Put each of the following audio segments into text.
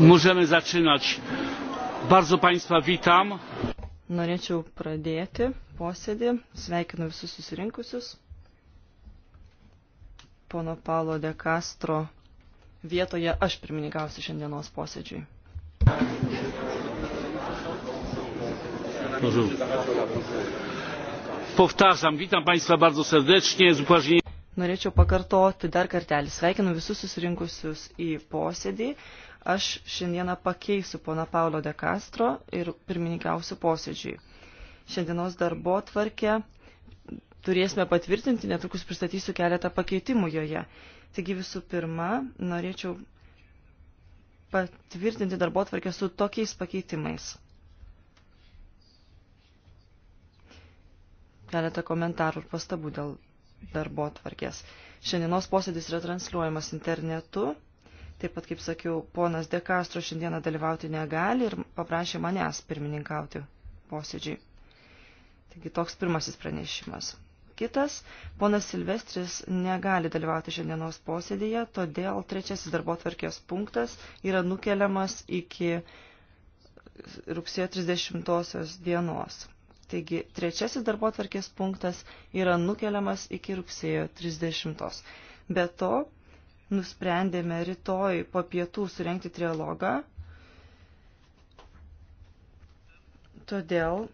Możemy zaczynać. Bardzo Państwa witam. Norėčiau pradėti posėdį. Sveikinu visus susirinkusius. Pono Paulo de Castro vietoje aš pirmininkausiu šiandienos posėdžiui. Powtarzam, witam Państwa bardzo serdecznie z upoważnieniem. Norėčiau pakartoti dar kartelį. Sveikinu visus susirinkusius į posėdį. Aš šiandieną pakeisiu pona Paulo de Castro ir pirmininkausiu posėdžiui. Šiandienos darbo tvarkę turėsime patvirtinti, netrukus pristatysiu keletą pakeitimų joje. Taigi visų pirma, norėčiau patvirtinti darbo tvarkę su tokiais pakeitimais. Keletą komentarų ir pastabų dėl darbo tvarkės. Šiandienos posėdis yra transliuojamas internetu Taip pat, kaip sakiau, ponas Dekastro šiandieną dalyvauti negali ir paprašė manęs pirmininkauti posėdžiui. Taigi toks pirmasis pranešimas. Kitas, ponas Silvestris negali dalyvauti šiandienos posėdėje, todėl trečiasis darbo tvarkės punktas yra nukeliamas iki rugsėjo 30 dienos. Taigi trečiasis darbo tvarkės punktas yra nukeliamas iki rugsėjo 30. Be to, nusprendėme rytoj po pietų surenkti trialogą. Todėl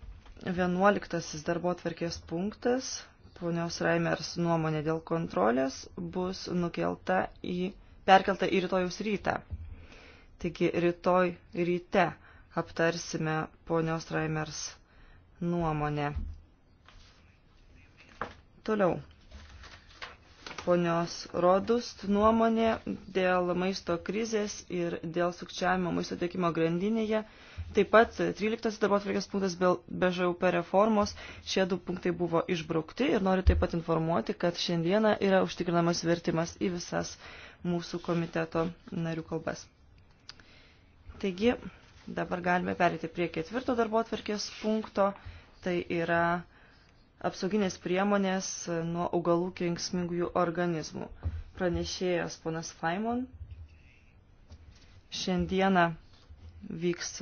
11 darbo atvarkės punktas, ponios Raimers nuomonė dėl kontrolės, bus nukelta į, perkelta į rytojus rytą. Taigi rytoj ryte aptarsime ponios Raimers nuomonę. Toliau ponios Rodust nuomonė dėl maisto krizės ir dėl sukčiavimo maisto tiekimo grandinėje. Taip pat 13 darbo atvarkės punktas be ŽUP reformos. Šie du punktai buvo išbraukti ir noriu taip pat informuoti, kad šiandieną yra užtikrinamas vertimas į visas mūsų komiteto narių kalbas. Taigi, dabar galime perėti prie ketvirto darbo atvarkės punkto. Tai yra apsauginės priemonės nuo augalų kenksmingųjų organizmų. Pranešėjas ponas Faimon. Šiandieną vyks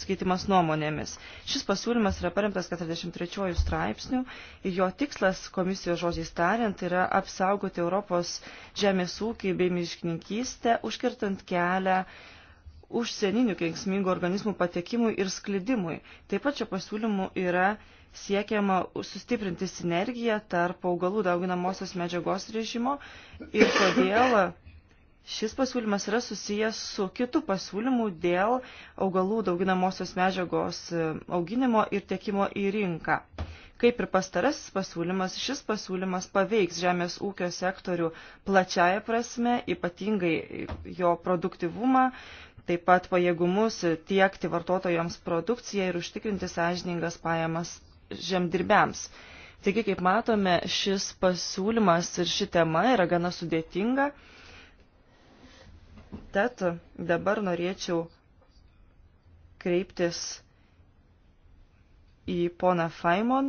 skaitimas nuomonėmis. Šis pasiūlymas yra paremtas 43 straipsnių ir jo tikslas, komisijos žodžiais tariant, yra apsaugoti Europos žemės ūkį bei miškininkystę, užkirtant kelią užsieninių kenksmingų organizmų patekimui ir sklidimui. Taip pat šio pasiūlymu yra siekiama sustiprinti sinergiją tarp augalų dauginamosios medžiagos režimo ir todėl šis pasiūlymas yra susijęs su kitu pasiūlymu dėl augalų dauginamosios medžiagos e, auginimo ir tiekimo į rinką. Kaip ir pastarasis pasiūlymas, šis pasiūlymas paveiks žemės ūkio sektorių plačiaja prasme, ypatingai jo produktivumą, taip pat pajėgumus tiekti vartotojams produkciją ir užtikrinti sąžiningas pajamas žemdirbiams. Taigi, kaip matome, šis pasiūlymas ir ši tema yra gana sudėtinga. Tad dabar norėčiau kreiptis į poną Faimon,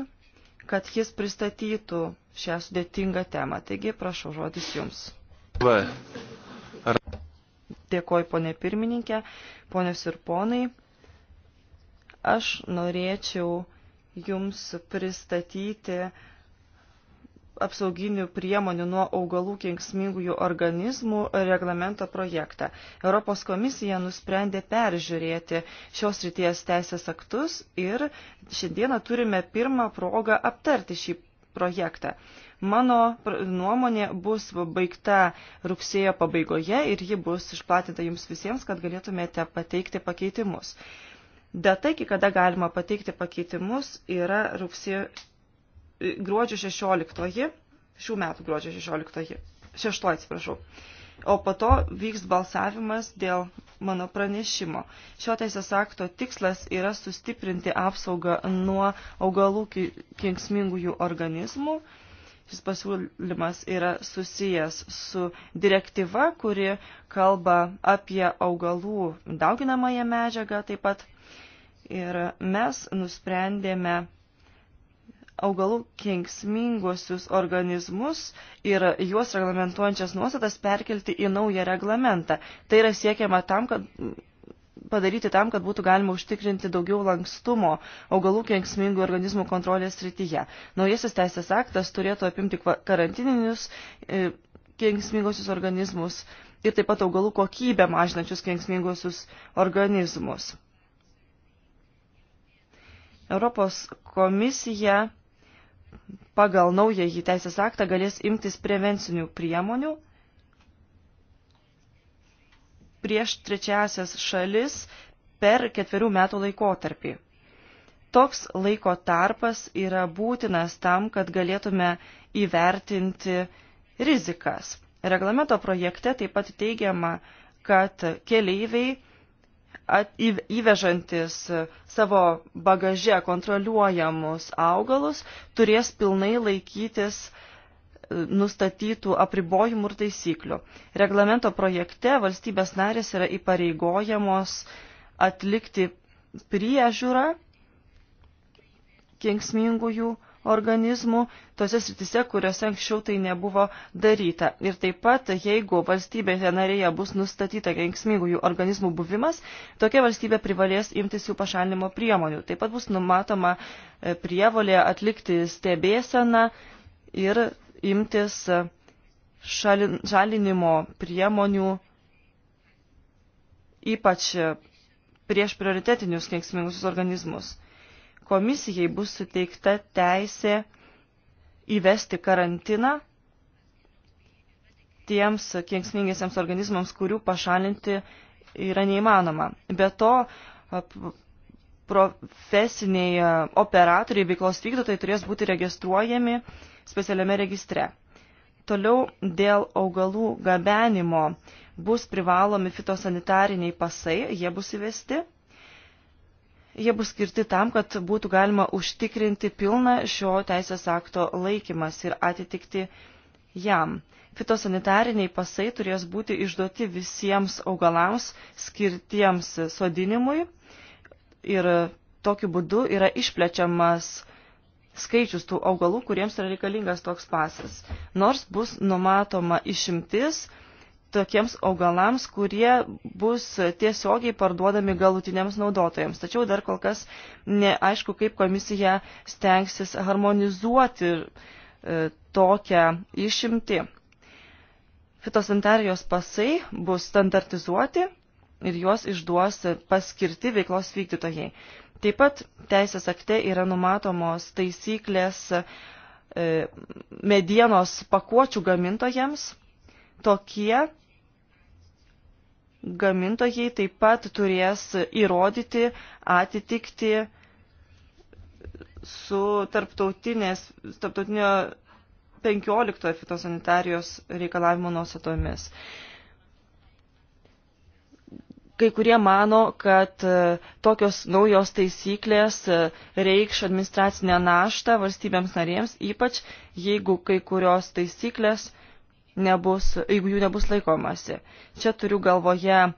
kad jis pristatytų šią sudėtingą temą. Taigi, prašau, žodis jums. Dėkoju, ponė pirmininkė, ponės ir ponai. Aš norėčiau jums pristatyti apsauginių priemonių nuo augalų kenksmingųjų organizmų reglamento projektą. Europos komisija nusprendė peržiūrėti šios ryties teisės aktus ir šiandieną turime pirmą progą aptarti šį projektą. Mano nuomonė bus baigta rugsėjo pabaigoje ir ji bus išplatinta jums visiems, kad galėtumėte pateikti pakeitimus. Data, iki kada galima pateikti pakeitimus, yra rugsėjo gruodžio 16, šių metų gruodžio 16, 6, atsiprašau. O po to vyks balsavimas dėl mano pranešimo. Šio teisės akto tikslas yra sustiprinti apsaugą nuo augalų kenksmingųjų organizmų. Šis pasiūlymas yra susijęs su direktyva, kuri kalba apie augalų dauginamąją medžiagą, taip pat Ir mes nusprendėme augalų kenksminguosius organizmus ir juos reglamentuojančias nuostatas perkelti į naują reglamentą. Tai yra siekiama tam, kad padaryti tam, kad būtų galima užtikrinti daugiau lankstumo augalų kenksmingų organizmų kontrolės srityje. Naujasis teisės aktas turėtų apimti karantininius e, kenksmingosius organizmus ir taip pat augalų kokybę mažinančius kenksmingosius organizmus. Europos komisija pagal naująjį teisės aktą galės imtis prevencinių priemonių prieš trečiasias šalis per ketverių metų laikotarpį. Toks laiko tarpas yra būtinas tam, kad galėtume įvertinti rizikas. Reglamento projekte taip pat teigiama, kad keleiviai at, įvežantis savo bagaže kontroliuojamus augalus turės pilnai laikytis e, nustatytų apribojimų ir taisyklių. Reglamento projekte valstybės narės yra įpareigojamos atlikti priežiūrą kenksmingųjų organizmų tose sritise, kuriuose anksčiau tai nebuvo daryta. Ir taip pat, jeigu valstybėje narėje bus nustatyta kenksmingų jų organizmų buvimas, tokia valstybė privalės imtis jų pašalinimo priemonių. Taip pat bus numatoma e, prievolė atlikti stebėseną ir imtis e, šalin, žalinimo priemonių ypač e, prieš prioritetinius kenksmingusius organizmus komisijai bus suteikta teisė įvesti karantiną tiems kenksmingiesiams organizmams, kurių pašalinti yra neįmanoma. Be to, profesiniai operatoriai veiklos vykdytojai turės būti registruojami specialiame registre. Toliau dėl augalų gabenimo bus privalomi fitosanitariniai pasai, jie bus įvesti Jie bus skirti tam, kad būtų galima užtikrinti pilną šio teisės akto laikymas ir atitikti jam. Fitosanitariniai pasai turės būti išduoti visiems augalams skirtiems sodinimui ir tokiu būdu yra išplečiamas skaičius tų augalų, kuriems yra reikalingas toks pasas. Nors bus numatoma išimtis, iš tokiems augalams, kurie bus tiesiogiai parduodami galutiniams naudotojams. Tačiau dar kol kas neaišku, kaip komisija stengsis harmonizuoti e, tokią išimtį. Fitosanitarijos pasai bus standartizuoti ir juos išduos paskirti veiklos vykdytojai. Taip pat teisės akte yra numatomos taisyklės e, medienos pakuočių gamintojams tokie gamintojai taip pat turės įrodyti atitikti su tarptautinės, tarptautinio 15 fitosanitarijos reikalavimo nuostatomis. Kai kurie mano, kad e, tokios naujos taisyklės e, reikš administracinę naštą valstybėms narėms, ypač jeigu kai kurios taisyklės uh, nebus, jeigu jų nebus laikomasi. Čia turiu galvoje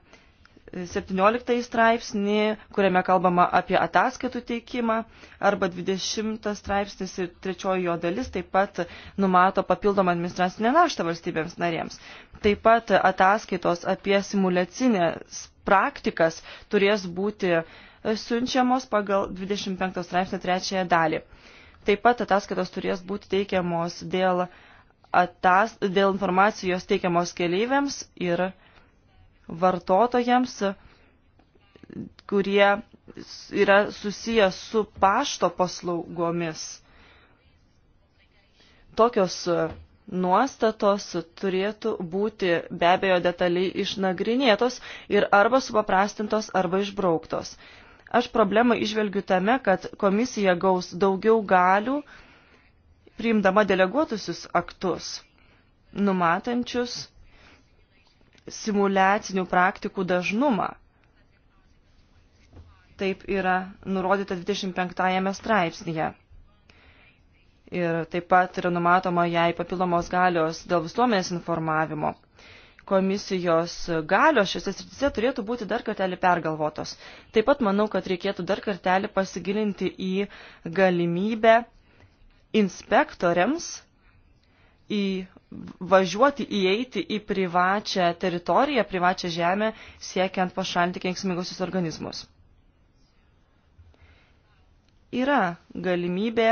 17 straipsnį, kuriame kalbama apie ataskaitų teikimą, arba 20 straipsnis ir trečioji jo dalis taip pat numato papildomą administracinę naštą valstybėms narėms. Taip pat ataskaitos apie simulacinės praktikas turės būti siunčiamos pagal 25 straipsnį trečiąją dalį. Taip pat ataskaitos turės būti teikiamos dėl uh, atas, dėl informacijos teikiamos keleiviams ir vartotojams, kurie yra susijęs su pašto paslaugomis. Tokios nuostatos turėtų būti be abejo detaliai išnagrinėtos ir arba supaprastintos, arba išbrauktos. Aš problemą išvelgiu tame, kad komisija gaus daugiau galių priimdama deleguotusius aktus, numatančius simulacinių praktikų dažnumą. Taip yra nurodyta 25 straipsnėje. Ir taip pat yra numatoma jai papildomos galios dėl visuomenės informavimo. Komisijos galios šiose srityse turėtų būti dar kartelį pergalvotos. Taip pat manau, kad reikėtų dar kartelį pasigilinti į galimybę inspektoriams įvažiuoti, įeiti į privačią teritoriją, privačią žemę, siekiant pašalinti kenksmingusius organizmus. Yra galimybė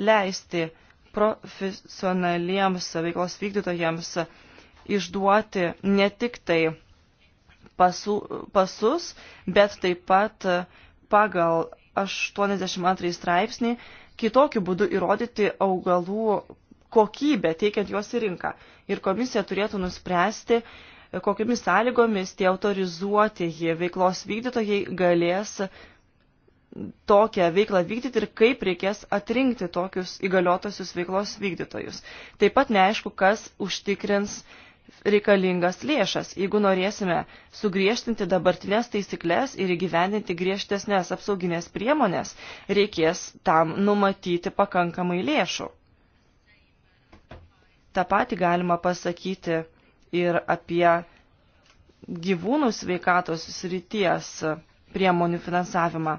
leisti profesionaliems veiklos vykdytojams išduoti ne tik tai pasu, pasus, bet taip pat pagal 82 straipsnį kitokiu būdu įrodyti augalų kokybę, teikiant juos į rinką. Ir komisija turėtų nuspręsti, kokiamis sąlygomis tie autorizuotieji veiklos vykdytojai galės tokią veiklą vykdyti ir kaip reikės atrinkti tokius įgaliotosius veiklos vykdytojus. Taip pat neaišku, kas užtikrins uh, reikalingas lėšas, jeigu norėsime sugriežtinti dabartinės taisyklės ir įgyvendinti griežtesnės apsauginės priemonės, reikės tam numatyti pakankamai lėšų. Ta pati galima pasakyti ir apie gyvūnų sveikatos srities priemonių finansavimą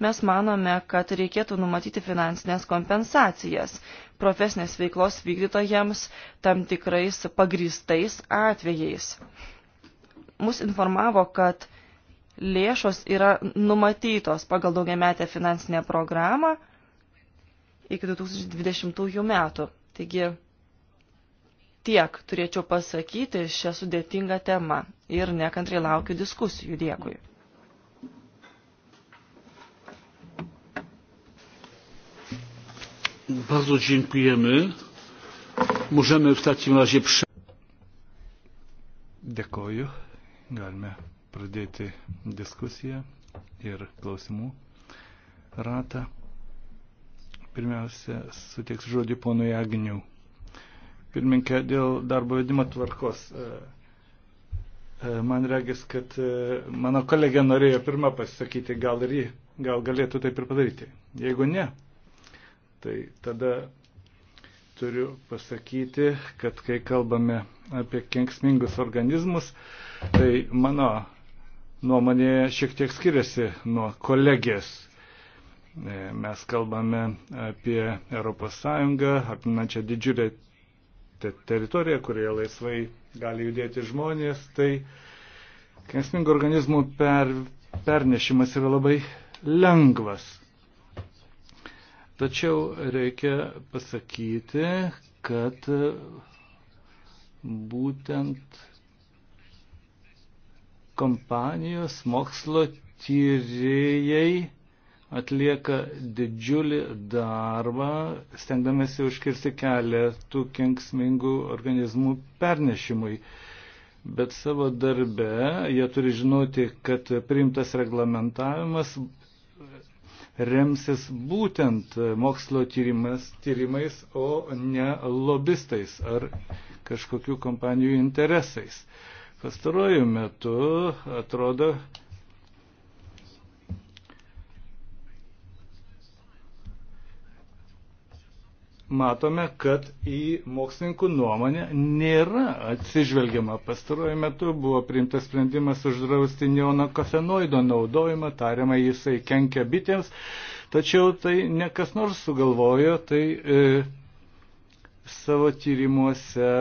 mes manome, kad reikėtų numatyti finansinės kompensacijas profesinės veiklos vykdytojams tam tikrais pagristais atvejais. Mus informavo, kad lėšos yra numatytos pagal daugiametę finansinę programą iki 2020 metų. Taigi tiek turėčiau pasakyti šią sudėtingą temą ir nekantrai laukiu diskusijų. Dėkui. Bardzo dziękujemy. Możemy w takim razie przejść. Dėkoju. Galime pradėti diskusiją ir klausimų ratą. Pirmiausia, sutiks žodį ponui Agnių. Pirminkė, dėl darbo vedimo tvarkos. E, e, man regis, kad e, mano kolegė norėjo pirmą pasisakyti, gal ir jį, gal galėtų taip ir padaryti. Jeigu ne, Tai tada turiu pasakyti, kad kai kalbame apie kenksmingus organizmus, tai mano nuomonė šiek tiek skiriasi nuo kolegės. E, mes kalbame apie ES, apinančią didžiulę teritoriją, kurioje laisvai gali judėti žmonės, tai kenksmingų organizmų per, pernešimas yra labai lengvas. Tačiau reikia pasakyti, kad būtent kompanijos mokslo tyrėjai atlieka didžiulį darbą, stengdamėsi užkirsti kelią tų kenksmingų organizmų pernešimui. Bet savo darbe jie turi žinoti, kad priimtas reglamentavimas remsis būtent mokslo tyrimas, tyrimais, o ne lobistais ar kažkokių kompanijų interesais. Pastaruoju metu atrodo, matome, kad į mokslininkų nuomonę nėra atsižvelgiama. Pastaruoju metu buvo priimtas sprendimas uždrausti neonakofenoido naudojimą, tariamai jisai kenkia bitėms, tačiau tai ne kas nors sugalvojo, tai e, savo tyrimuose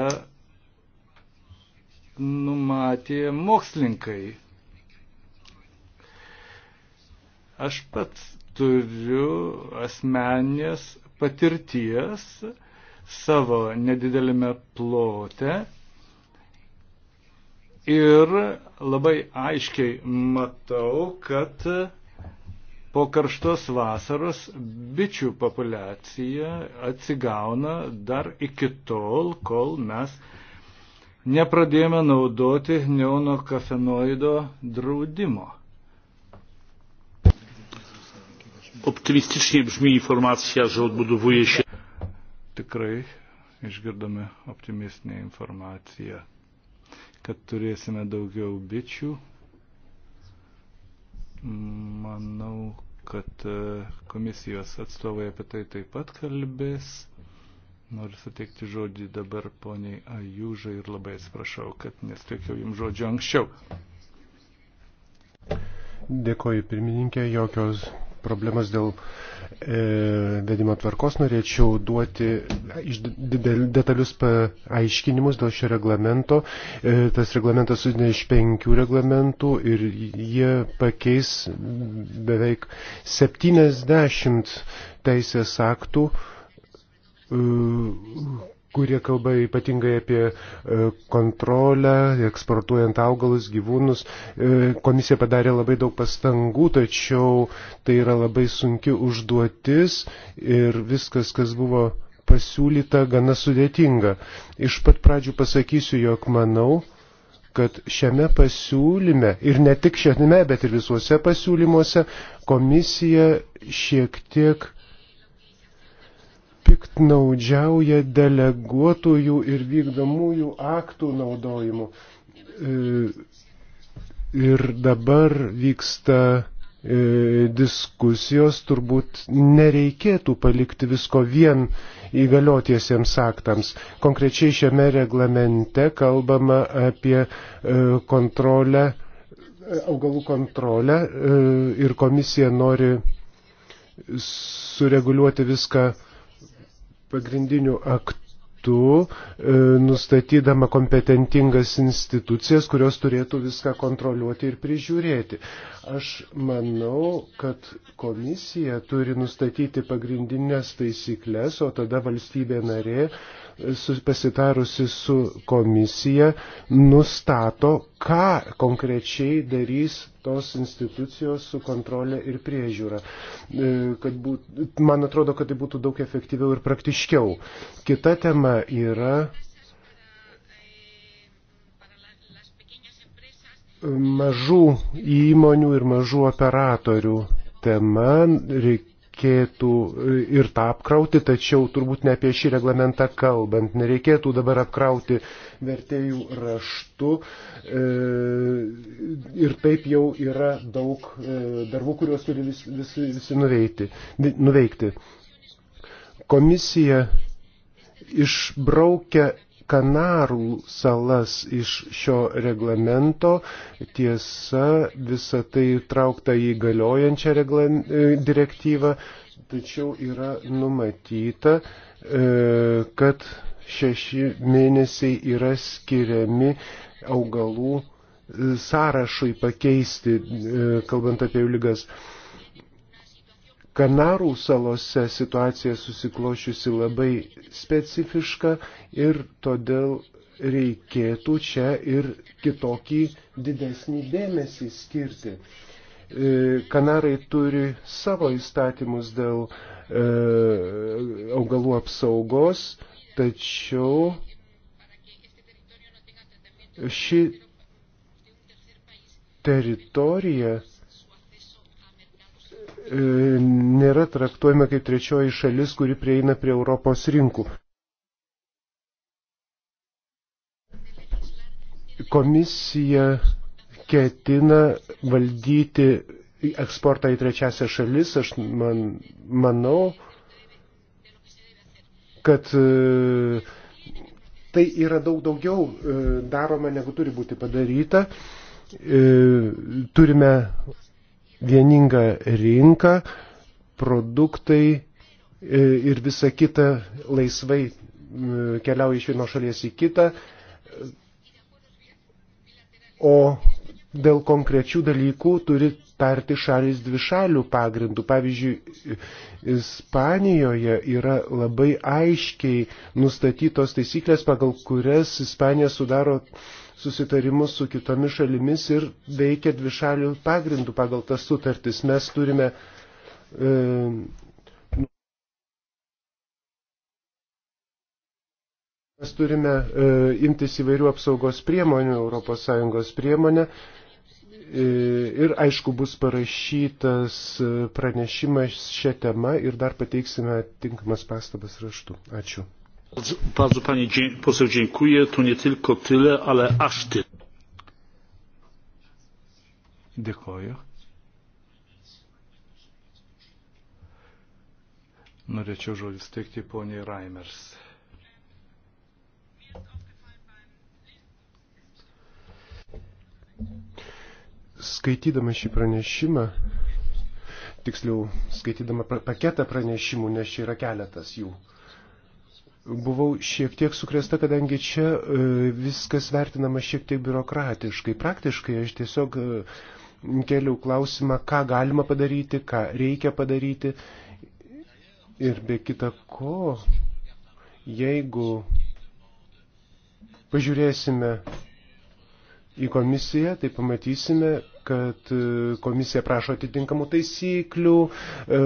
numatė mokslininkai. Aš pats turiu asmenės patirties savo nedidelėme plote ir labai aiškiai matau, kad po karštos vasaros bičių populiacija atsigauna dar iki tol, kol mes nepradėjome naudoti neono kafenoido draudimo. Optimistycznie brzmi informacja, że odbudowuje się. Tikrai išgirdome optimistinę informaciją, kad turėsime daugiau bičių. Manau, kad e, komisijos atstovai apie tai taip pat kalbės. Noriu suteikti žodį dabar poniai Ajūžai ir labai atsiprašau, kad nesteikiau jums žodžio anksčiau. Dėkoju pirmininkė, jokios problemas dėl e, vedimo tvarkos, norėčiau duoti iš detalius paaiškinimus dėl šio reglamento. E, tas reglamentas sudėdė iš penkių reglamentų ir jie pakeis beveik 70 teisės aktų, e, kurie kalba ypatingai apie e, kontrolę, eksportuojant augalus, gyvūnus. E, komisija padarė labai daug pastangų, tačiau tai yra labai sunki užduotis ir viskas, kas buvo pasiūlyta, gana sudėtinga. Iš pat pradžių pasakysiu, jog manau, kad šiame pasiūlyme ir ne tik šiame, bet ir visuose pasiūlymuose komisija šiek tiek piktnaudžiauja deleguotųjų ir vykdomųjų aktų naudojimu. E, ir dabar vyksta e, diskusijos turbūt nereikėtų palikti visko vien įgaliotiesiems aktams. Konkrečiai šiame reglamente kalbama apie e, kontrolę, augalų kontrolę ir komisija nori sureguliuoti viską pagrindiniu aktu, e, nustatydama kompetentingas institucijas, kurios turėtų viską kontroliuoti ir prižiūrėti. Aš manau, kad komisija turi nustatyti pagrindinės taisyklės, o tada valstybė narė pasitarusi su komisija, nustato, ką konkrečiai darys tos institucijos su kontrolė ir priežiūra. E, kad būt, man atrodo, kad tai būtų daug efektyviau ir praktiškiau. Kita tema yra mažų įmonių ir mažų operatorių tema. Reikia reikėtų e, ir tą apkrauti, tačiau turbūt ne apie šį reglamentą kalbant. Nereikėtų dabar apkrauti vertėjų raštu e, ir taip jau yra daug e, darbų, kuriuos turi visi, visi, visi nuveikti. nuveikti. Komisija išbraukia Kanarų salas iš šio reglamento. Tiesa, visa tai traukta į galiojančią reglam, e, direktyvą, tačiau yra numatyta, e, kad šeši mėnesiai yra skiriami augalų e, sąrašui pakeisti, kalbant apie lygas. Kanarų salose situacija susiklošiusi labai specifiška ir todėl reikėtų čia ir kitokį didesnį dėmesį skirti. E, Kanarai turi savo įstatymus dėl e, augalų apsaugos, tačiau ši teritorija E, nėra traktuojama kaip trečioji šalis, kuri prieina prie Europos rinkų. Komisija ketina valdyti eksportą į trečiasią šalis. Aš man, manau, kad e, tai yra daug daugiau e, daroma, negu turi būti padaryta. Turime vieninga rinka, produktai e, ir visa kita laisvai e, keliauja iš vienos šalies į kitą. O dėl konkrečių dalykų turi tarti šalis dvišalių pagrindų. Pavyzdžiui, Ispanijoje yra labai aiškiai nustatytos taisyklės, pagal kurias Ispanija sudaro susitarimus su kitomis šalimis ir veikia dvišalių pagrindų pagal tas sutartis. Mes turime e, Mes turime e, imtis įvairių apsaugos priemonių, ES priemonę e, ir aišku bus parašytas e, pranešimas šią temą ir dar pateiksime tinkamas pastabas raštu. Ačiū. Bardzo pani poseł dziękuję. To nie tylko tyle, ale aż tyle. Dėkoju. Norėčiau žodį steikti poniai Raimers. Skaitydama šį pranešimą, tiksliau skaitydama paketą pranešimų, nes čia yra keletas jų, buvau šiek tiek sukrėsta, kadangi čia e, viskas vertinama šiek tiek biurokratiškai. Praktiškai aš tiesiog e, keliu klausimą, ką galima padaryti, ką reikia padaryti. Ir be kita ko, jeigu pažiūrėsime į komisiją, tai pamatysime, kad e, komisija prašo atitinkamų taisyklių, e,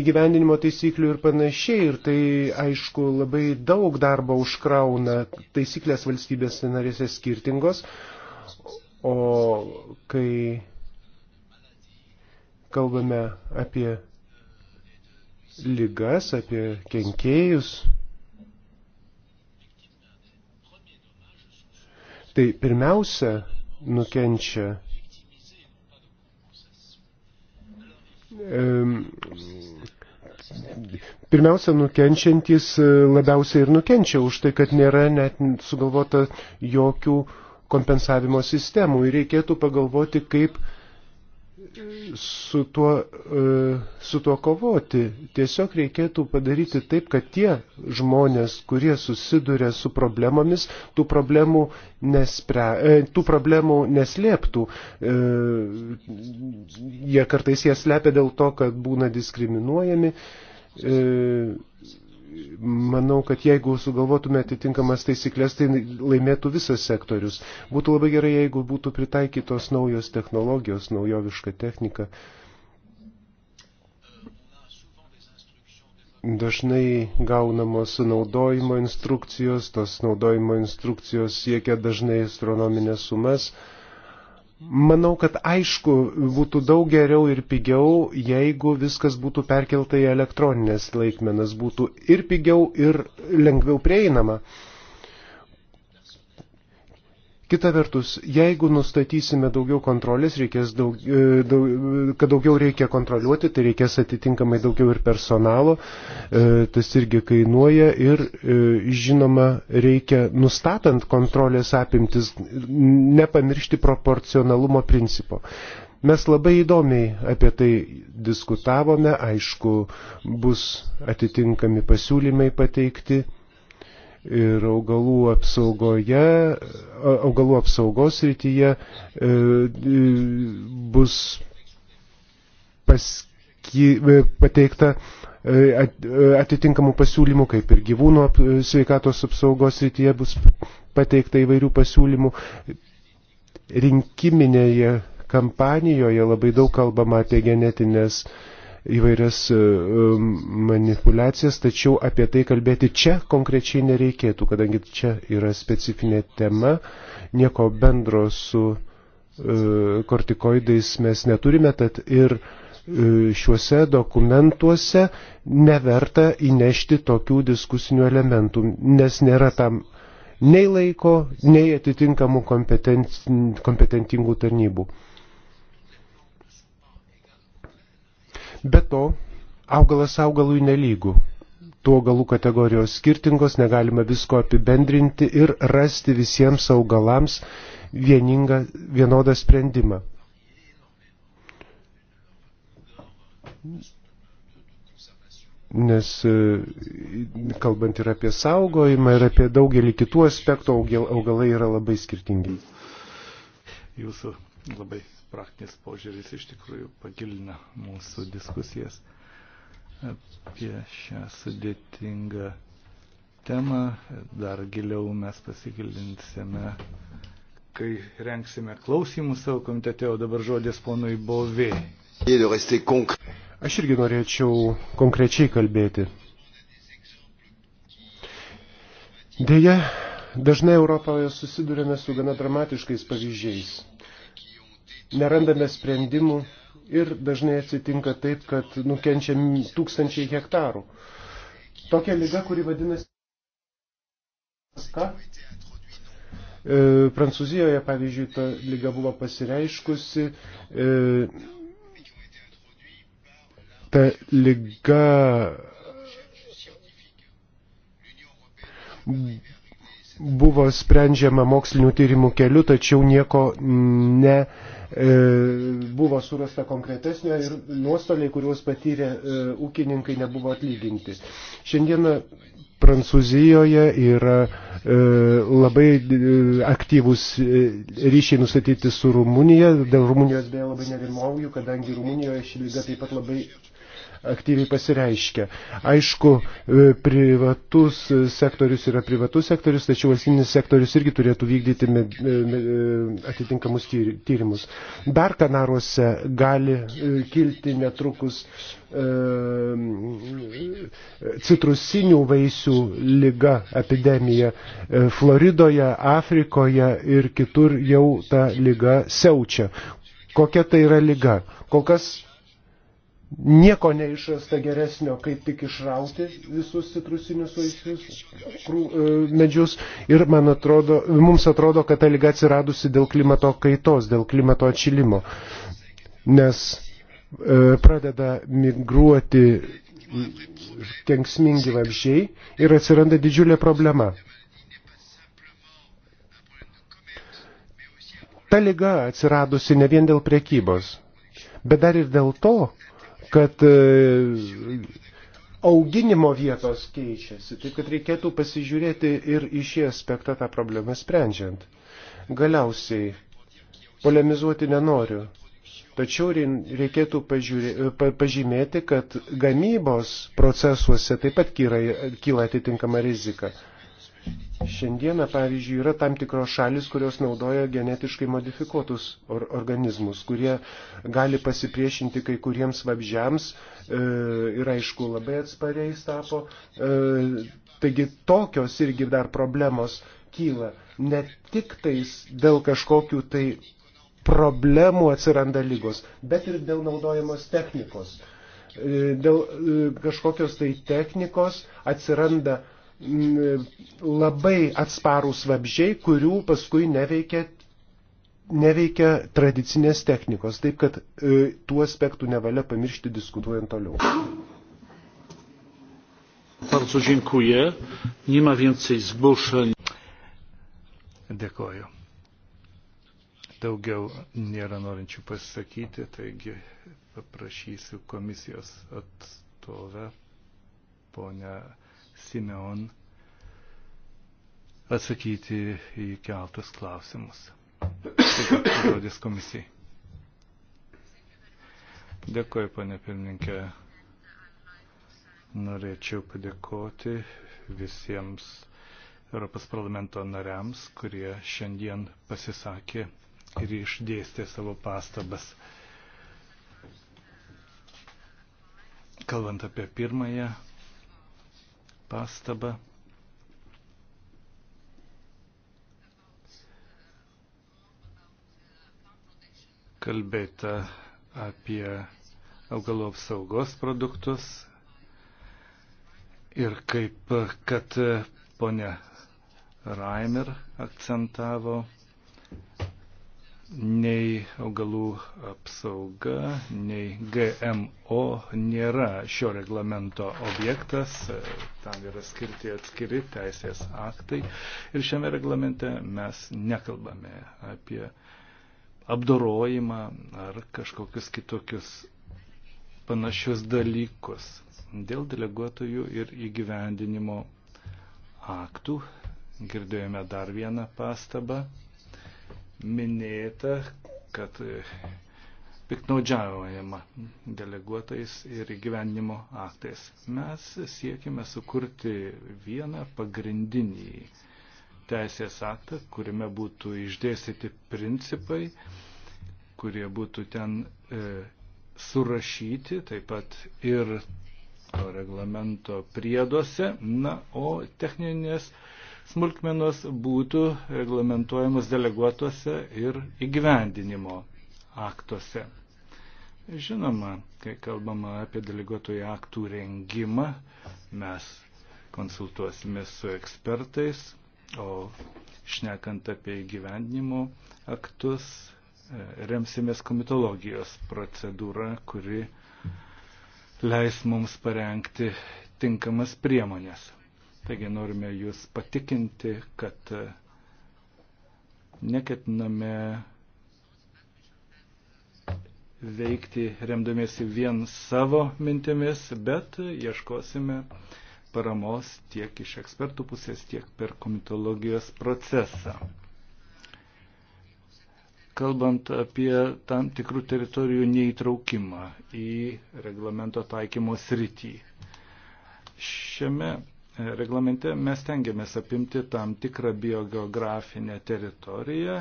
įgyvendinimo taisyklių ir panašiai. Ir tai, aišku, labai daug darbo užkrauna. Taisyklės valstybės narėse skirtingos. O kai kalbame apie lygas, apie kenkėjus, tai pirmiausia nukenčia Pirmiausia, nukenčiantis e, labiausiai ir nukenčia už tai, kad nėra net sugalvota jokių kompensavimo sistemų. Ir reikėtų pagalvoti, kaip uh, su tuo, e, su tuo kovoti. Tiesiog reikėtų padaryti taip, kad tie žmonės, kurie susiduria su problemomis, tų problemų, nespre, e, tų problemų neslėptų. E, jie kartais jas slepia dėl to, kad būna diskriminuojami manau, kad jeigu sugalvotume atitinkamas taisyklės, tai laimėtų visas sektorius. Būtų labai gerai, jeigu būtų pritaikytos naujos technologijos, naujoviška technika. Dažnai gaunamos naudojimo instrukcijos, tos naudojimo instrukcijos siekia dažnai astronominės sumas. Manau, kad aišku, būtų daug geriau ir pigiau, jeigu viskas būtų perkelta į elektroninės laikmenas, būtų ir pigiau, ir lengviau prieinama. Uh, Kita vertus, jeigu nustatysime daugiau kontrolės, reikės daug, e, daug, kad daugiau reikia kontroliuoti, tai reikės atitinkamai daugiau ir personalo, e, tas irgi kainuoja ir e, žinoma reikia nustatant kontrolės apimtis nepamiršti proporcionalumo principo. Mes labai įdomiai apie tai diskutavome, aišku, bus atitinkami pasiūlymai pateikti ir augalų, apsaugoje, augalų apsaugos rytyje e, e, bus paski, e, pateikta atitinkamų pasiūlymų, kaip ir gyvūnų sveikatos apsaugos rytyje bus pateikta įvairių pasiūlymų. Rinkiminėje kampanijoje labai daug kalbama apie genetinės uh, įvairias e, manipulacijas, tačiau apie tai kalbėti čia konkrečiai nereikėtų, kadangi čia yra specifinė tema, nieko bendro su e, kortikoidais mes neturime, tad ir e, šiuose dokumentuose neverta įnešti tokių diskusinių elementų, nes nėra tam nei laiko, nei atitinkamų kompetentingų tarnybų. Be to, augalas augalui nelygų. Tuo augalų kategorijos skirtingos, negalima visko apibendrinti ir rasti visiems augalams vieningą, vienodą sprendimą. Nes e, kalbant ir apie saugojimą, ir apie daugelį kitų aspektų, augalai yra labai skirtingi. Jūsų labai praktinis požiūris iš tikrųjų pagilina mūsų diskusijas apie šią sudėtingą temą. Dar giliau mes pasigilinsime, kai renksime klausimus savo komitete, o dabar žodis ponui Bovė. Aš irgi norėčiau konkrečiai kalbėti. Deja, dažnai Europoje susidurėme su gana dramatiškais pavyzdžiais nerandame sprendimų ir dažnai atsitinka taip, kad nukenčia tūkstančiai hektarų. Tokia lyga, kuri vadinasi. Ką? E, Prancūzijoje, pavyzdžiui, ta lyga buvo pasireiškusi. E, ta lyga buvo sprendžiama mokslinių tyrimų keliu, tačiau nieko ne e, buvo surasta konkretesnio ir nuostoliai, kuriuos patyrė e, ūkininkai, nebuvo atlyginti. Šiandieną Prancūzijoje yra e, labai aktyvus ryšiai nustatyti su Rumunija. Dėl Rumunijos beje labai nerimauju, kadangi Rumunijoje ši lyga taip pat labai aktyviai pasireiškia. Aišku, e, privatus sektorius yra privatus sektorius, tačiau valstybinis sektorius irgi turėtų vykdyti atitinkamus tyrimus. Dar Kanaruose gali e, kilti netrukus e, citrusinių vaisių lyga epidemija. Floridoje, Afrikoje ir kitur jau ta lyga siaučia. Kokia tai yra lyga? Kol kas nieko neišrasta geresnio, kaip tik išrauti visus citrusinius vaisius, krū, e, medžius. Ir man atrodo, mums atrodo, kad ta lyga atsiradusi dėl klimato kaitos, dėl klimato atšilimo. Nes e, pradeda migruoti kenksmingi vabžiai ir atsiranda didžiulė problema. Ta lyga atsiradusi ne vien dėl priekybos, bet dar ir dėl to, kad e, auginimo vietos keičiasi, taip kad reikėtų pasižiūrėti ir į šį aspektą tą problemą sprendžiant. Galiausiai, polemizuoti nenoriu, tačiau reikėtų pažiūrė, pažymėti, kad gamybos procesuose taip pat kyla, kyla atitinkama rizika. Šiandieną, pavyzdžiui, yra tam tikros šalis, kurios naudoja genetiškai modifikuotus or organizmus, kurie gali pasipriešinti kai kuriems vabžiams e, ir, aišku, labai atspariai tapo. E, taigi tokios irgi dar problemos kyla ne tik tais dėl kažkokių tai problemų atsiranda lygos, bet ir dėl naudojamos technikos. E, dėl e, kažkokios tai technikos atsiranda uh, labai atsparūs vabžiai, kurių paskui neveikia, neveikia tradicinės technikos. Taip kad e, tų aspektų nevalia pamiršti diskutuojant toliau. Bardzo dziękuję. Nie ma więcej zgłoszeń. Dėkoju. Daugiau nėra norinčių pasakyti, taigi paprašysiu komisijos atstovę ponę Simeon atsakyti į keltus klausimus. Taip pat žodis komisijai. Dėkuoju, ponė pirmininkė. Norėčiau padėkoti visiems Europos parlamento nariams, kurie šiandien pasisakė ir išdėstė savo pastabas. Kalbant apie pirmąją pastabą. Kalbėta apie augalų apsaugos produktus ir kaip, kad ponia Raimer akcentavo nei augalų apsauga, nei GMO nėra šio reglamento objektas, tam yra skirti atskiri teisės aktai ir šiame reglamente mes nekalbame apie apdorojimą ar kažkokius kitokius panašius dalykus. Dėl deleguotojų ir įgyvendinimo aktų girdėjome dar vieną pastabą minėta, kad e, piknaudžiaujama deleguotais ir gyvenimo aktais. Mes siekime sukurti vieną pagrindinį teisės aktą, kuriame būtų išdėstyti principai, kurie būtų ten e, surašyti, taip pat ir reglamento prieduose, na, o techninės e, smulkmenos būtų reglamentuojamos deleguotuose ir įgyvendinimo aktuose. Žinoma, kai kalbama apie deleguotojų aktų rengimą, mes konsultuosime su ekspertais, o šnekant apie įgyvendinimo aktus, e, remsimės komitologijos procedūrą, kuri leis mums parengti tinkamas priemonės. Taigi norime Jūs patikinti, kad e, neketiname veikti remdamiesi vien savo mintimis, bet ieškosime paramos tiek iš ekspertų pusės, tiek per komitologijos procesą. Kalbant apie tam tikrų teritorijų neįtraukimą į reglamento taikymo sritį. Šiame reglamente mes tengiamės apimti tam tikrą biogeografinę teritoriją,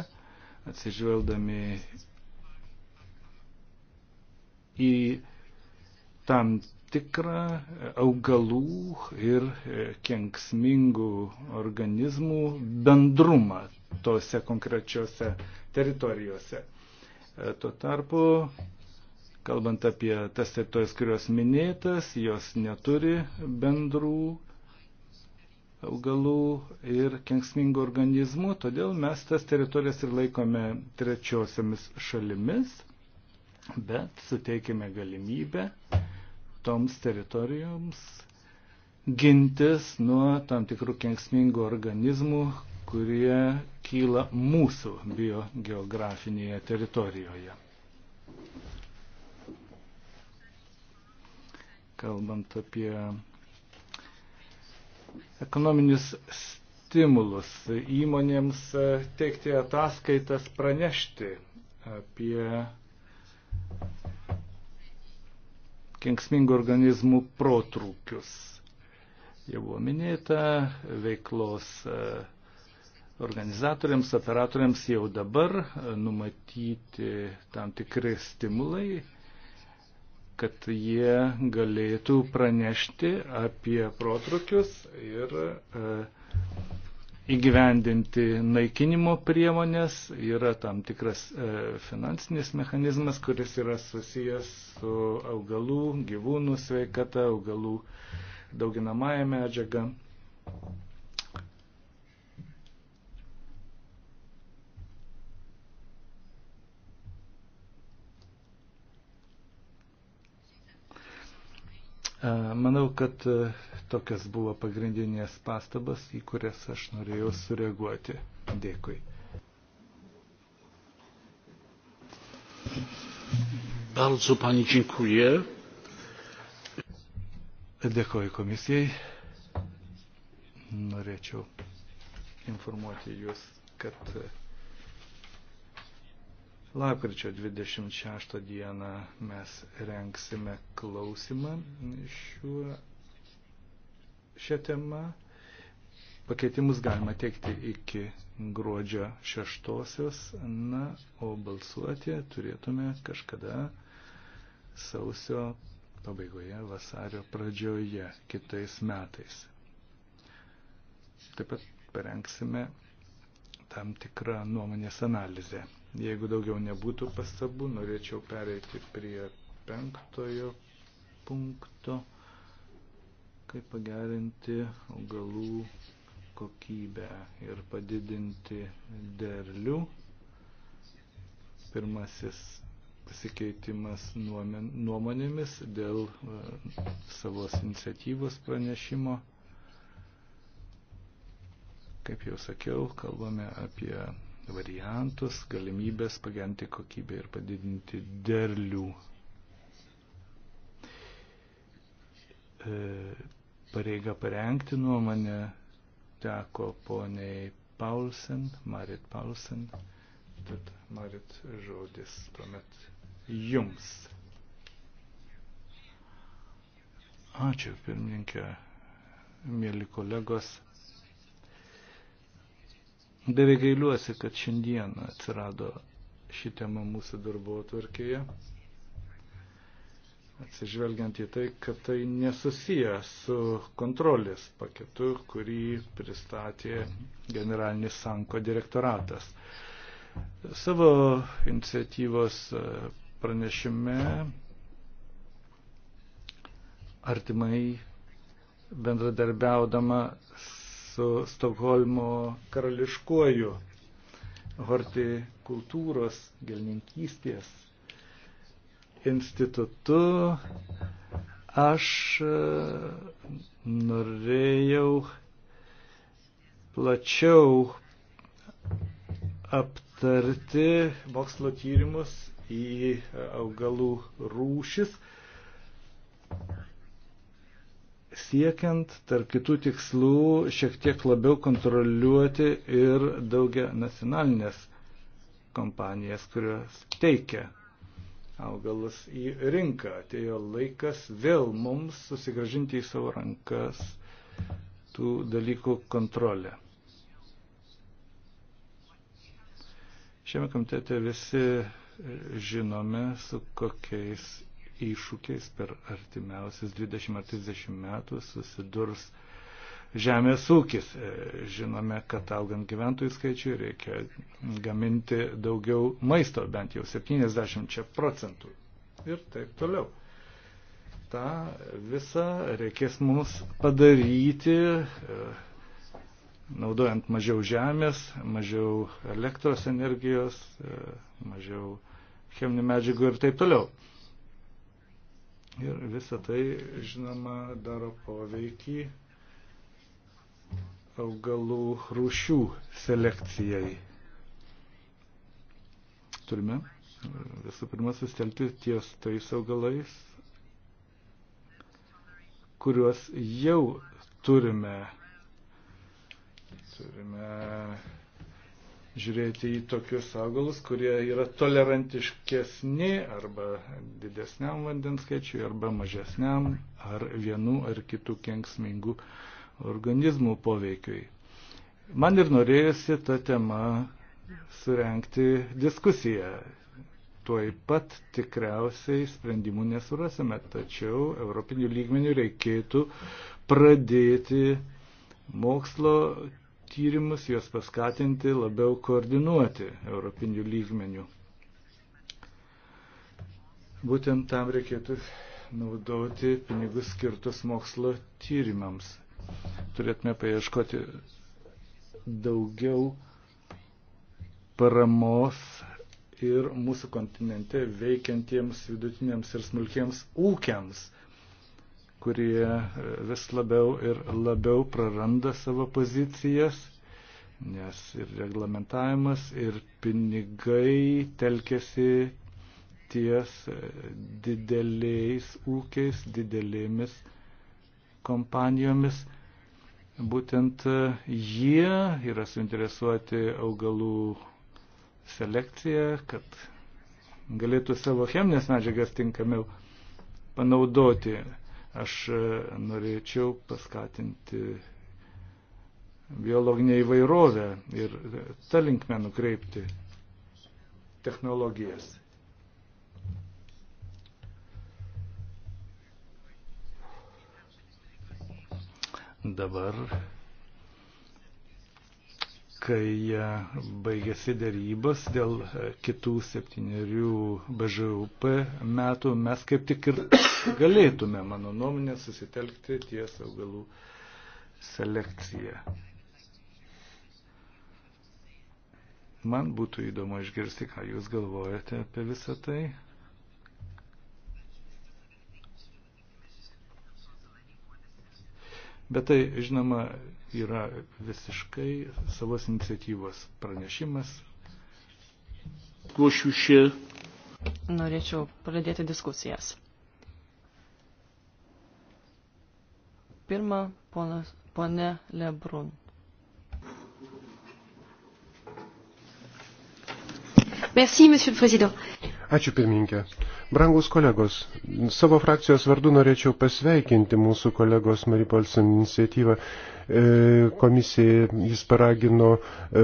atsižvelgdami į tam tikrą augalų ir e, kenksmingų organizmų bendrumą tose konkrečiose teritorijose. E, tuo tarpu, kalbant apie tas teritorijas, kurios minėtas, jos neturi bendrų augalų ir kenksmingų organizmų, todėl mes tas teritorijas ir laikome trečiosiamis šalimis, bet suteikime galimybę toms teritorijoms gintis nuo tam tikrų kenksmingų organizmų, kurie kyla mūsų biogeografinėje teritorijoje. Kalbant apie ekonominius stimulus įmonėms e, teikti ataskaitas, pranešti apie kenksmingų organizmų protrūkius. Jau buvo minėta, veiklos e, organizatoriams, operatoriams jau dabar e, numatyti tam tikri stimulai kad jie galėtų pranešti apie protrukius ir e, įgyvendinti naikinimo priemonės. Yra tam tikras e, finansinis mechanizmas, kuris yra susijęs su augalų, gyvūnų sveikata, augalų dauginamąją medžiagą. Manau, kad tokias buvo pagrindinės pastabas, į kurias aš norėjau sureaguoti. Dėkui. Bardzo pani dziękuję. Dėkoju komisijai. Norėčiau informuoti jūs, kad Lapkričio 26 dieną mes renksime klausimą šiuo, šią temą. Pakeitimus galima teikti iki gruodžio 6, na, o balsuoti turėtume kažkada sausio pabaigoje, vasario pradžioje kitais metais. Taip pat parengsime tam tikrą nuomonės analizę. Jeigu daugiau nebūtų pastabų, norėčiau pereiti prie penktojo punkto, kaip pagerinti augalų kokybę ir padidinti derlių. Pirmasis pasikeitimas nuomonėmis dėl e, savos iniciatyvos pranešimo. Kaip jau sakiau, kalbame apie variantus, galimybės pagerinti kokybę ir padidinti derlių. E, pareiga parengti nuomonę teko poniai Paulsen, Marit Paulsen. Tad Marit žodis tuomet jums. Ačiū, pirmininkė, mėly kolegos. Beveik gailiuosi, kad šiandien atsirado ši tema mūsų darbo atvarkėje, atsižvelgiant į tai, kad tai nesusiję su kontrolės paketu, kurį pristatė generalinis Sanko direktoratas. Savo iniciatyvos pranešime artimai bendradarbiaudama su Stokholmo karališkuoju hortikultūros gelninkystės institutu. Aš e, norėjau plačiau aptarti mokslo tyrimus į augalų rūšis, siekiant tarp kitų tikslų šiek tiek labiau kontroliuoti ir daugia nacionalinės kompanijas, kurios teikia augalus į rinką. Atėjo laikas vėl mums susigražinti į savo rankas tų dalykų kontrolę. Šiame komitete visi žinome, su kokiais iššūkiais per artimiausias 20 ar 30 metų susidurs žemės ūkis. E, žinome, kad augant gyventojų skaičiui reikia gaminti daugiau maisto, bent jau 70 procentų ir taip toliau. Ta visa reikės mums padaryti, e, naudojant mažiau žemės, mažiau elektros energijos, e, mažiau cheminių medžiagų ir taip toliau. Ir visa tai, žinoma, daro poveikį augalų rūšių selekcijai. Turime visų pirma sustelti ties tais augalais, kuriuos jau turime. Turime žiūrėti į tokius augalus, kurie yra tolerantiškesni arba didesniam vandens skaičiui, arba mažesniam, ar vienų ar kitų kenksmingų organizmų poveikiui. Man ir norėjusi tą temą surenkti diskusiją. Tuoj pat tikriausiai sprendimų nesurasime, tačiau Europinių lygmenių reikėtų pradėti mokslo tyrimus, juos paskatinti, labiau koordinuoti europinių lygmenių. Būtent tam reikėtų naudoti pinigus skirtus mokslo tyrimams. Turėtume paieškoti daugiau paramos ir mūsų kontinente veikiantiems vidutiniams ir smulkiems ūkiams – kurie e, vis labiau ir labiau praranda savo pozicijas, nes ir reglamentavimas, ir pinigai telkėsi ties e, dideliais ūkiais, didelėmis kompanijomis. Būtent e, jie yra suinteresuoti augalų selekcija, kad galėtų savo cheminės medžiagas tinkamiau panaudoti. Aš e, norėčiau paskatinti biologinę įvairovę ir e, tą linkmę nukreipti technologijas. Dabar kai e, baigėsi dėrybos dėl e, kitų septyniarių BŽUP metų, mes kaip tik ir galėtume, mano nuomonė, susitelkti ties augalų selekcija. Man būtų įdomu išgirsti, ką Jūs galvojate apie visą tai. Bet tai, žinoma, yra visiškai savos iniciatyvos pranešimas. Kuošiu šį. Norėčiau pradėti diskusijas. Pirma, ponas, ponė Lebrun. Merci, monsieur le président. Ačiū pirmininkė. Brangus kolegos, savo frakcijos vardu norėčiau pasveikinti mūsų kolegos Maripolson iniciatyvą. E, komisija jis paragino e,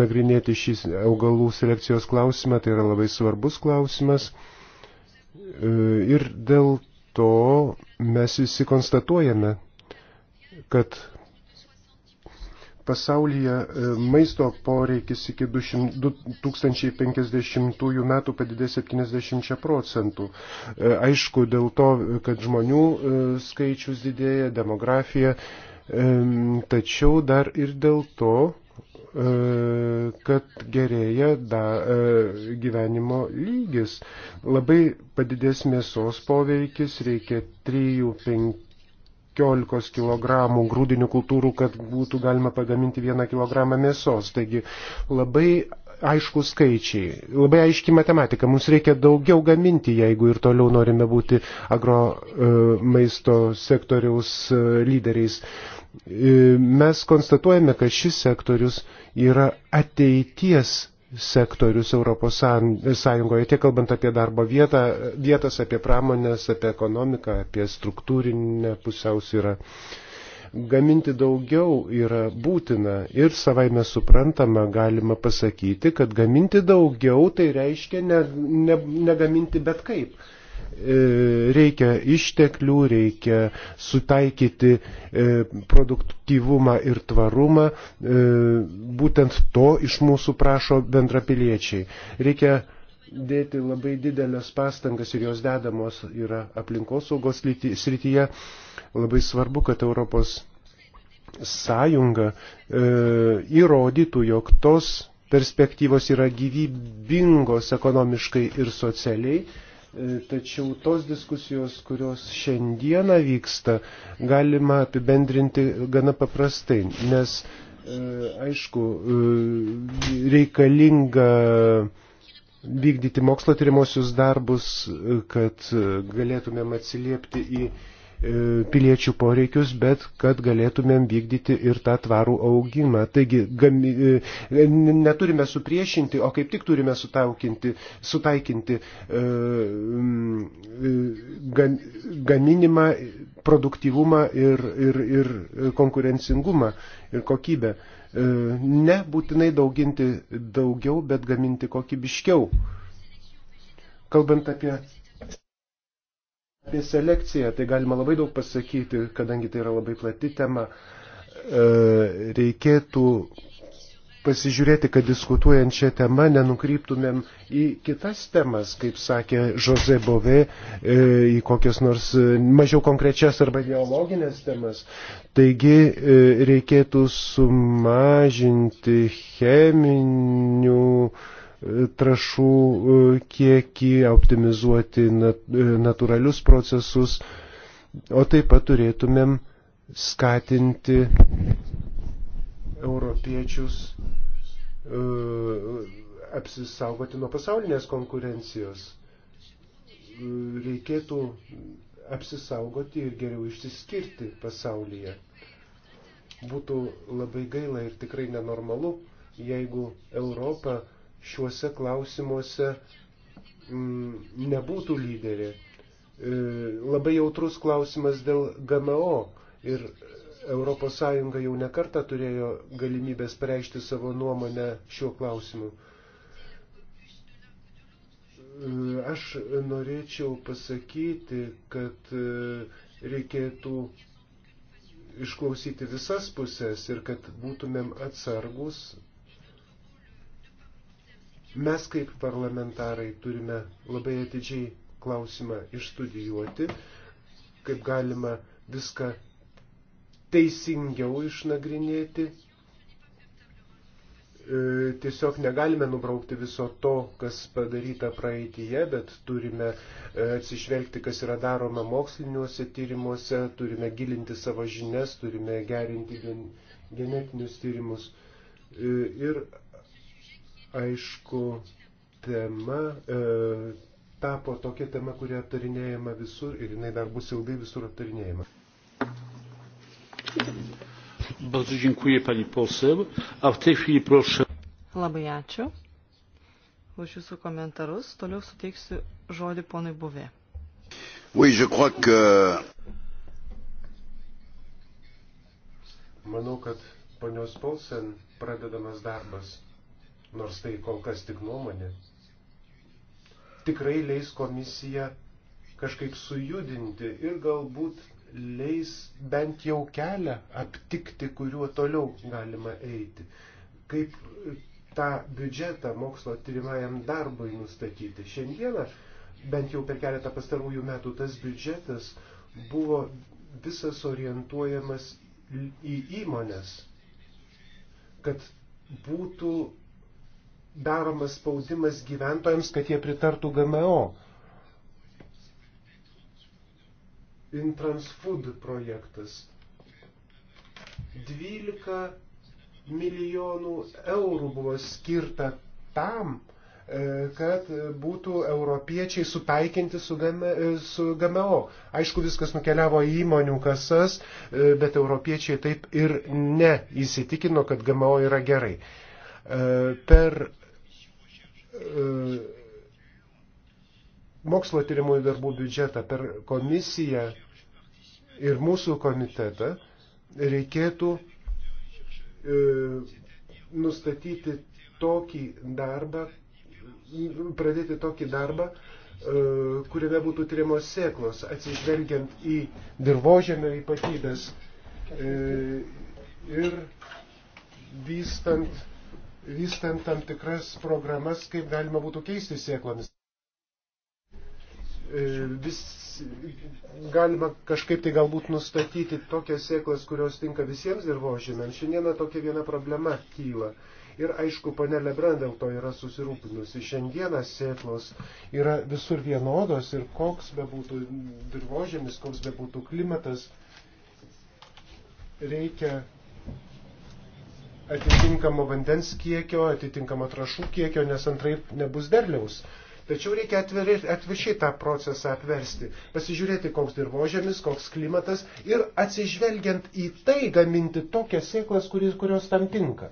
nagrinėti šį augalų selekcijos klausimą, tai yra labai svarbus klausimas. E, ir dėl to mes visi konstatuojame, kad Pasaulyje e, maisto poreikis iki 2050 metų padidės 70 procentų. E, aišku, dėl to, kad žmonių e, skaičius didėja, demografija, tačiau dar ir dėl to, kad gerėja da, gyvenimo lygis. Labai padidės mėsos poveikis, reikia 3-5 15 kg grūdinių kultūrų, kad būtų galima pagaminti 1 kg mėsos. Taigi labai aiškus skaičiai, labai aiški matematika. Mums reikia daugiau gaminti, jeigu ir toliau norime būti agro e, maisto sektoriaus e, lyderiais. E, mes konstatuojame, kad šis sektorius yra ateities sektorius Europos Sąjungoje, tiek kalbant apie darbo vietą, vietas, apie pramonės, apie ekonomiką, apie struktūrinę pusiausvyrą. Gaminti daugiau yra būtina ir savai mes suprantama galima pasakyti, kad gaminti daugiau tai reiškia ne, ne, negaminti bet kaip. E, reikia išteklių, reikia sutaikyti e, produktyvumą ir tvarumą. E, būtent to iš mūsų prašo bendrapiliečiai. Reikia dėti labai didelės pastangas ir jos dedamos yra aplinkosaugos srityje. Labai svarbu, kad Europos sąjunga e, įrodytų, jog tos perspektyvos yra gyvybingos ekonomiškai ir socialiai E, tačiau tos diskusijos, kurios šiandieną vyksta, galima apibendrinti gana paprastai, nes e, aišku, e, reikalinga vykdyti mokslo tyrimosius darbus, kad galėtumėm atsiliepti į E, piliečių poreikius, bet kad galėtumėm vykdyti ir tą tvarų augimą. Taigi gami, e, neturime supriešinti, o kaip tik turime sutaukinti, sutaikinti e, gaminimą, produktyvumą ir, ir, ir konkurencingumą ir kokybę. Ne būtinai dauginti daugiau, bet gaminti kokybiškiau. Kalbant apie Apie selekciją tai galima labai daug pasakyti, kadangi tai yra labai plati tema. E, reikėtų pasižiūrėti, kad diskutuojant šią temą nenukryptumėm į kitas temas, kaip sakė Jose Bove, į kokias nors mažiau konkrečias arba ideologinės temas. Taigi e, reikėtų sumažinti cheminių trašų e, kiekį, optimizuoti e, natūralius procesus, o taip pat turėtumėm skatinti europiečius e, apsisaugoti nuo pasaulinės konkurencijos. Reikėtų apsisaugoti ir geriau išsiskirti pasaulyje. Būtų labai gaila ir tikrai nenormalu, jeigu Europa šiuose klausimuose mm, nebūtų lyderė. E, labai jautrus klausimas dėl GMO ir ES jau nekarta turėjo galimybės pareikšti savo nuomonę šiuo klausimu. E, aš norėčiau pasakyti, kad e, reikėtų išklausyti visas pusės ir kad būtumėm atsargus Mes kaip parlamentarai turime labai atidžiai klausimą išstudijuoti, kaip galima viską teisingiau išnagrinėti. E, tiesiog negalime nubraukti viso to, kas padaryta praeitie, bet turime e, atsižvelgti, kas yra daroma moksliniuose tyrimuose, turime gilinti savo žinias, turime gerinti genetinius tyrimus. E, ir aišku, tema e, tapo tokia tema, kuri aptarinėjama visur ir jinai dar bus ilgai visur aptarinėjama. Bardzo dziękuję pani poseł. A w tej chwili proszę. Labai ačiū už jūsų komentarus. Toliau suteiksiu žodį ponui Buvė. Oui, je crois que... Manau, kad ponios Polsen pradedamas darbas nors tai kol kas tik nuomonė, tikrai leis komisiją kažkaip sujudinti ir galbūt leis bent jau kelią aptikti, kuriuo toliau galima eiti. Kaip tą biudžetą mokslo tyrimajam darbui nustatyti. Šiandieną, bent jau per keletą pastarųjų metų, tas biudžetas buvo visas orientuojamas į įmonės, kad būtų daromas spaudimas gyventojams, kad jie pritartų GMO. Intransfood projektas. 12 milijonų eurų buvo skirta tam, e, kad būtų europiečiai sutaikinti su, game, su GMO. Aišku, viskas nukeliavo į įmonių kasas, e, bet europiečiai taip ir neįsitikino, kad GMO yra gerai. E, per e, mokslo tyrimų darbų biudžetą, per komisiją ir mūsų komitetą reikėtų e, nustatyti tokį darbą, pradėti tokį darbą, kuriame būtų tyriamos sėklos, atsižvelgiant į dirbožėmio ypatybės ir vystant vystant tam tikras programas, kaip galima būtų keisti sėklomis. E, vis, galima kažkaip tai galbūt nustatyti tokias sėklas, kurios tinka visiems dirbožėmiams. Šiandieną tokia viena problema kyla. Ir aišku, panelė Brandel to yra susirūpinusi. Šiandieną sėklos yra visur vienodos ir koks bebūtų dirbožėmis, koks bebūtų klimatas, reikia atitinkamo vandens kiekio, atitinkamo trašų kiekio, nes antraip nebus derliaus. Tačiau reikia atviršiai tą procesą atversti, pasižiūrėti, koks dirbožėmis, koks klimatas ir atsižvelgiant į tai gaminti tokias sėklas, kuris, kurios tam tinka.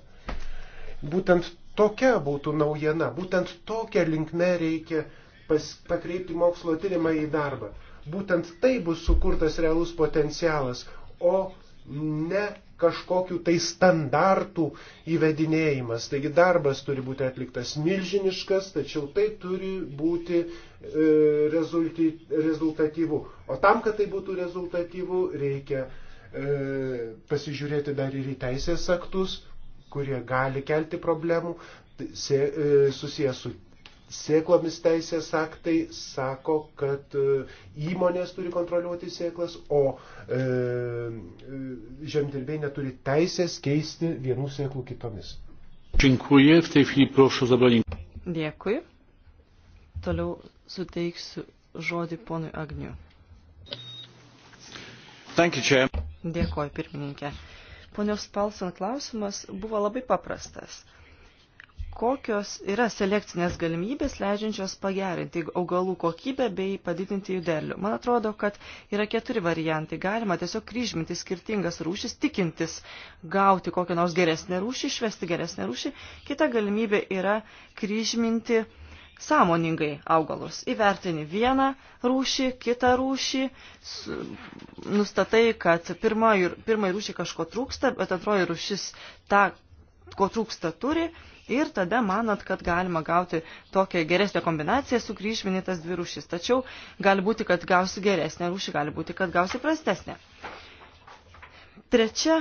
Būtent tokia būtų naujiena, būtent tokia linkme reikia pas, pakreipti mokslo tyrimą į darbą. Būtent tai bus sukurtas realus potencialas, o ne kažkokių tai standartų įvedinėjimas. Taigi darbas turi būti atliktas milžiniškas, tačiau tai turi būti e, rezultatyvu. O tam, kad tai būtų rezultatyvu, reikia e, pasižiūrėti dar ir į teisės aktus, kurie gali kelti problemų, tai e, susijęs su sėklomis teisės aktai sako, kad e, įmonės turi kontroliuoti sėklas, o e, e, žemdirbiai neturi teisės keisti vienų sėklų kitomis. Dėkui. Toliau suteiksiu žodį ponui Agniu. Dėkoju, pirmininkė. Ponios Palson klausimas buvo labai paprastas kokios yra selekcinės galimybės leidžiančios pagerinti augalų kokybę bei padidinti jų derlių. Man atrodo, kad yra keturi variantai. Galima tiesiog kryžminti skirtingas rūšis, tikintis gauti kokią nors geresnę rūšį, išvesti geresnę rūšį. Kita galimybė yra kryžminti sąmoningai augalus. Įvertini vieną rūšį, kitą rūšį, nustatai, kad pirmai, pirmai rūšį kažko trūksta, bet antroji rūšis tą, ko trūksta, turi ir tada manot, kad galima gauti tokią geresnę kombinaciją, sukryžmini tas dvi rūšis. Tačiau gali būti, kad gausi geresnę rūšį, gali būti, kad gausi prastesnę. Trečia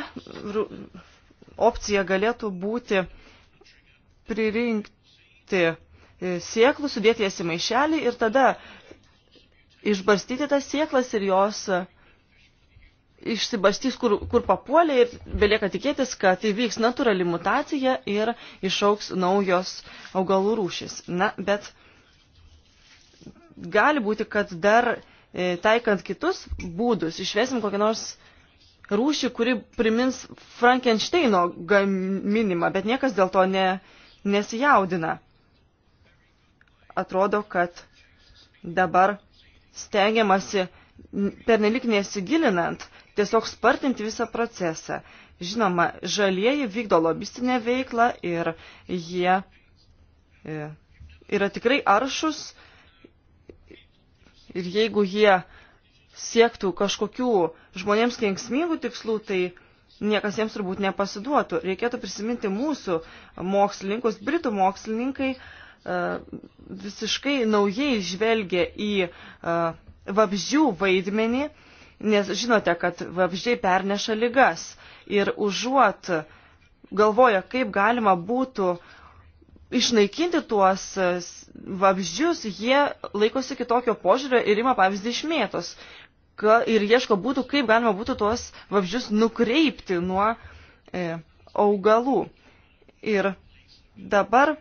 opcija galėtų būti pririnkti e, sieklų, sudėti jas į maišelį ir tada išbarstyti tas sieklas ir jos išsibastys, kur, kur papuolė ir belieka tikėtis, kad įvyks natūrali mutacija ir išauks naujos augalų rūšis. Na, bet gali būti, kad dar e, taikant kitus būdus išvesim kokią nors rūšį, kuri primins Frankensteino gaminimą, bet niekas dėl to ne, nesijaudina. Atrodo, kad dabar stengiamasi pernelik nesigilinant tiesiog spartinti visą procesą. Žinoma, žalieji vykdo lobistinę veiklą ir jie e, yra tikrai aršus ir jeigu jie siektų kažkokių žmonėms kenksmingų tikslų, tai niekas jiems turbūt nepasiduotų. Reikėtų prisiminti mūsų mokslininkus, britų mokslininkai e, visiškai naujai žvelgia į e, vabzdžių vaidmenį nes žinote, kad vabždžiai perneša ligas ir užuot galvoja, kaip galima būtų išnaikinti tuos vabždžius, jie laikosi kitokio požiūrio ir ima pavyzdį iš mėtos ir ieško būtų, kaip galima būtų tuos vabždžius nukreipti nuo e, augalų. Ir dabar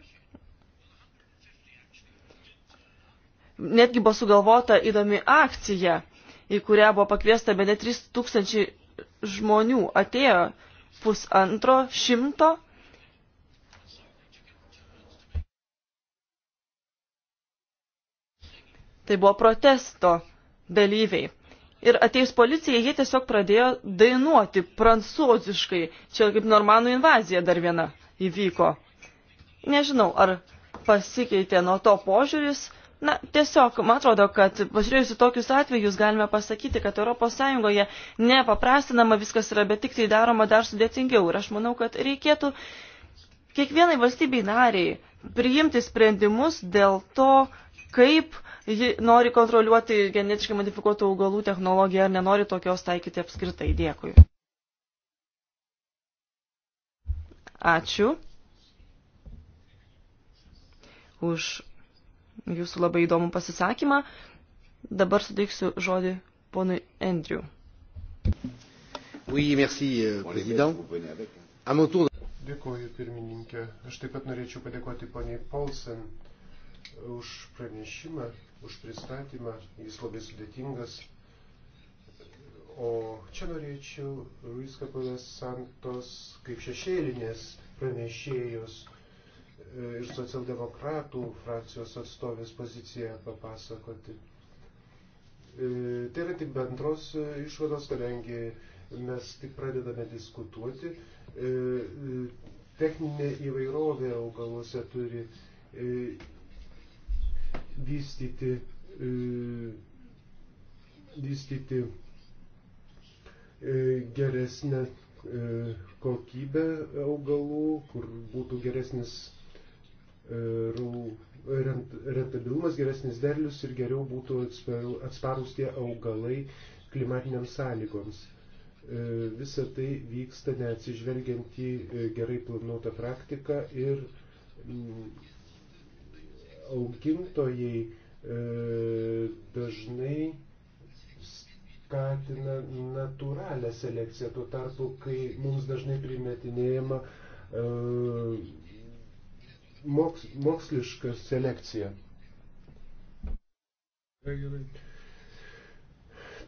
netgi buvo sugalvota įdomi akcija – į kurią buvo pakviesta be net 3000 žmonių. Atėjo pusantro šimto. Tai buvo protesto dalyviai. Ir ateis policija, jie tiesiog pradėjo dainuoti prancūziškai. Čia kaip normanų invazija dar viena įvyko. Nežinau, ar pasikeitė nuo to požiūris, Na, tiesiog, man atrodo, kad pažiūrėjusi tokius atvejus galime pasakyti, kad ES nepaprastinama viskas yra, bet tik tai daroma dar sudėtingiau. Ir aš manau, kad reikėtų kiekvienai valstybei nariai priimti sprendimus dėl to, kaip ji nori kontroliuoti genetiškai modifikuotų augalų technologiją ar nenori tokios taikyti apskritai. Dėkui. Ačiū už jūsų labai įdomų pasisakymą. Dabar suteiksiu žodį ponui Andrew. Oui, merci, euh, président. À mon tour. Dėkuoju, pirmininkė. Aš taip pat norėčiau padėkoti poniai Paulsen uh, už pranešimą, už pristatymą. Jis labai sudėtingas. O čia norėčiau Ruiz uh, Kapolės Santos kaip šešėlinės pranešėjos E, ir socialdemokratų frakcijos atstovės poziciją papasakoti. E, tai yra tik bendros e, išvados, kadangi mes tik pradedame diskutuoti. Techninė įvairovė augaluose turi vystyti, vystyti geresnę kokybę augalų, kur būtų geresnis rentabilumas, geresnis derlius ir geriau būtų atsparus tie augalai klimatiniams sąlygoms. E, visa tai vyksta neatsižvelgiant į e, gerai planuotą praktiką ir mm, augintojai e, dažnai skatina natūralią selekciją, tuo tarpu, kai mums dažnai primetinėjama moks, mokslišką selekciją.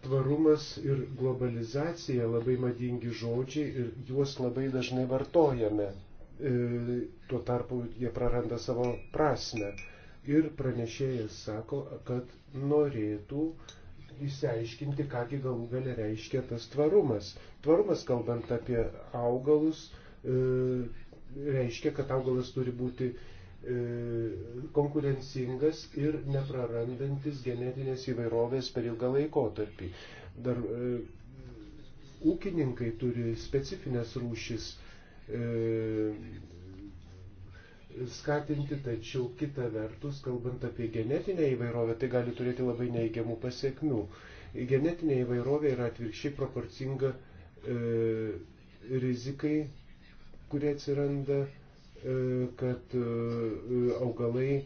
Tvarumas ir globalizacija labai madingi žodžiai ir juos labai dažnai vartojame. E, tuo tarpu jie praranda savo prasme. Ir pranešėjas sako, kad norėtų įsiaiškinti, kągi galų gale reiškia tas tvarumas. Tvarumas, kalbant apie augalus, e, reiškia, kad augalas turi būti e, konkurencingas ir neprarandantis genetinės įvairovės per ilgą laikotarpį. Dar e, ūkininkai turi specifines rūšis e, skatinti, tačiau kita vertus, kalbant apie genetinę įvairovę, tai gali turėti labai neigiamų pasiekmių. Genetinė įvairovė yra atvirkščiai proporcinga e, rizikai kurie atsiranda, e, kad e, augalai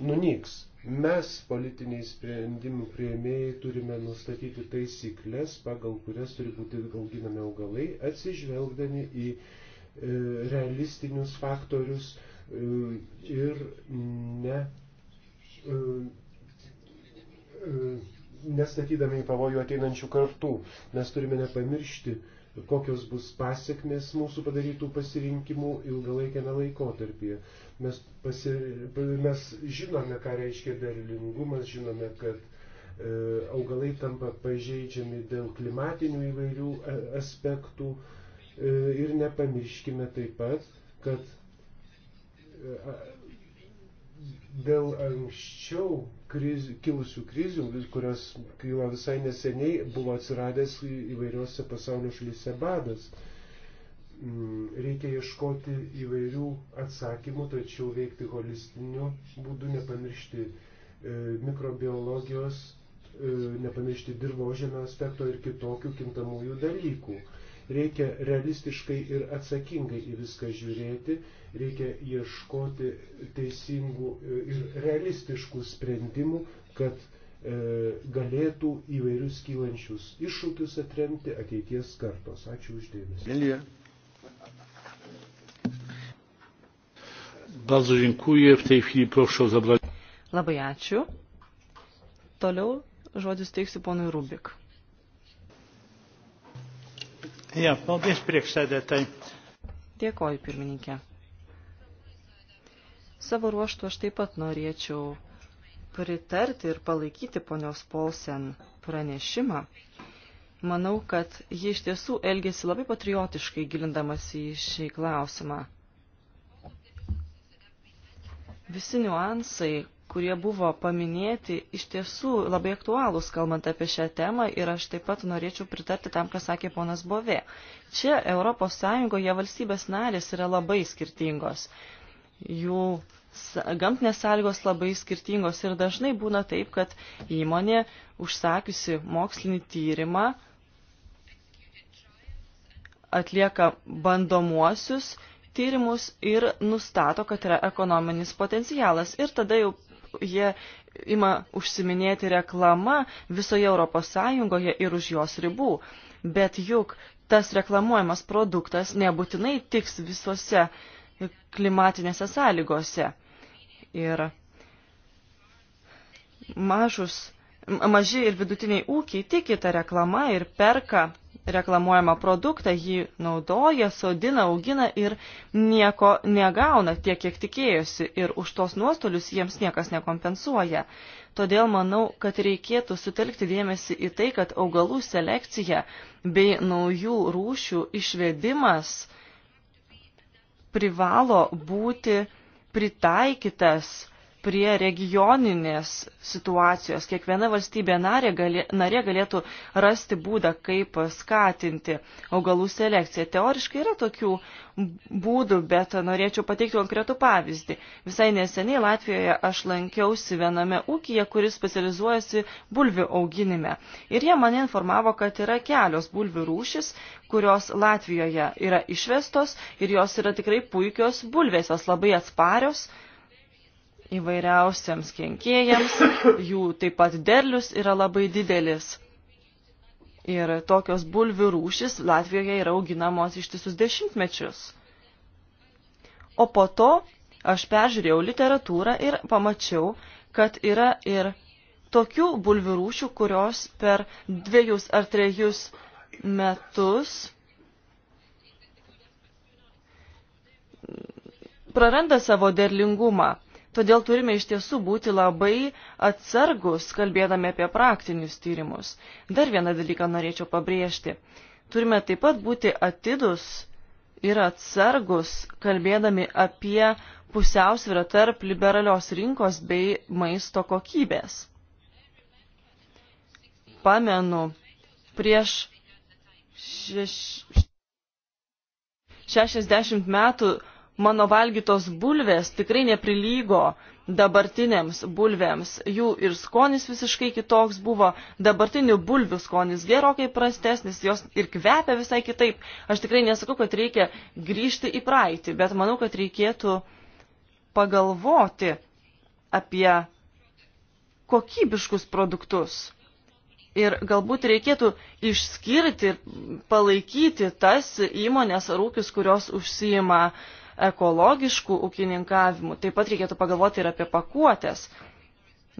nunyks. Mes, politiniai sprendimų prieimėjai, turime nustatyti taisyklės, pagal kurias turi būti auginami augalai, atsižvelgdami į e, realistinius faktorius ir ne nestatydami į pavojų ateinančių kartų. Mes turime nepamiršti, kokios bus pasiekmes mūsų padarytų pasirinkimų ilgalaikiame laikotarpyje. Mes, pasi, mes žinome, ką reiškia derlingumas, žinome, kad e, augalai tampa pažeidžiami dėl klimatinių įvairių e, aspektų e, ir nepamirškime taip pat, kad e, dėl anksčiau kriz, kilusių krizių, kurios kilo visai neseniai, buvo atsiradęs įvairiuose pasaulio šalyse badas. Mm, reikia ieškoti įvairių atsakymų, tačiau veikti holistiniu būdu, nepamiršti e, mikrobiologijos, e, nepamiršti dirbožėmio aspekto ir kitokių kintamųjų dalykų. Reikia realistiškai ir atsakingai į viską žiūrėti, reikia ieškoti teisingų e, ir realistiškų sprendimų, kad e, galėtų įvairius kylančius iššūkius atremti ateities kartos. Ačiū uždėmesi. Lilija. Bardzo dziękuję. W tej chwili proszę o zabranie. Labai ačiū. Toliau žodis teiksiu ponui Rubik. Ja, paldies priekšsēdētai. Dėkoju, pirmininkė. Savo ruoštų aš taip pat norėčiau pritarti ir palaikyti ponios Polsen pranešimą. Manau, kad ji iš tiesų elgėsi labai patriotiškai gilindamas į šį klausimą. Visi niuansai, kurie buvo paminėti, iš tiesų labai aktualūs, kalbant apie šią temą, ir aš taip pat norėčiau pritarti tam, ką sakė ponas Bovė. Čia ES valstybės narės yra labai skirtingos. Jų gamtinės sąlygos labai skirtingos ir dažnai būna taip, kad įmonė užsakiusi mokslinį tyrimą atlieka bandomuosius tyrimus ir nustato, kad yra ekonominis potencialas. Ir tada jau jie ima užsiminėti reklama visoje Europos Sąjungoje ir už jos ribų. Bet juk tas reklamuojamas produktas nebūtinai tiks visose klimatinėse sąlygose. Ir mažus, maži ir vidutiniai ūkiai tiki tą reklamą ir perka reklamuojamą produktą, jį naudoja, sodina, augina ir nieko negauna tiek, kiek tikėjosi ir už tos nuostolius jiems niekas nekompensuoja. Todėl manau, kad reikėtų sutelkti dėmesį į tai, kad augalų selekcija bei naujų rūšių išvedimas privalo būti pritaikytas prie regioninės situacijos. Kiekviena valstybė narė, galė, narė galėtų rasti būdą, kaip skatinti augalų selekciją. Teoriškai yra tokių būdų, bet norėčiau pateikti konkretų pavyzdį. Visai neseniai Latvijoje aš lankiausi viename ūkyje, kuris specializuojasi bulvių auginime. Ir jie mane informavo, kad yra kelios bulvių rūšis, kurios Latvijoje yra išvestos ir jos yra tikrai puikios bulvės, jos labai atsparios įvairiausiams kenkėjams, jų taip pat derlius yra labai didelis. Ir tokios bulvių rūšis Latvijoje yra auginamos ištisus dešimtmečius. O po to aš peržiūrėjau literatūrą ir pamačiau, kad yra ir tokių bulvių rūšių, kurios per dviejus ar trejus metus praranda savo derlingumą. Todėl turime iš tiesų būti labai atsargus, kalbėdami apie praktinius tyrimus. Dar vieną dalyką norėčiau pabrėžti. Turime taip pat būti atidus ir atsargus, kalbėdami apie pusiausvyrą tarp liberalios rinkos bei maisto kokybės. Pamenu, prieš šeš... 60 metų mano valgytos bulvės tikrai neprilygo dabartinėms bulvėms. Jų ir skonis visiškai kitoks buvo, dabartinių bulvių skonis gerokai prastesnis, jos ir kvepia visai kitaip. Aš tikrai nesakau, kad reikia grįžti į praeitį, bet manau, kad reikėtų pagalvoti apie kokybiškus produktus. Ir galbūt reikėtų išskirti ir palaikyti tas įmonės ar ūkius, kurios užsijima uh, ekologišku ūkininkavimu. Taip pat reikėtų pagalvoti ir apie pakuotės.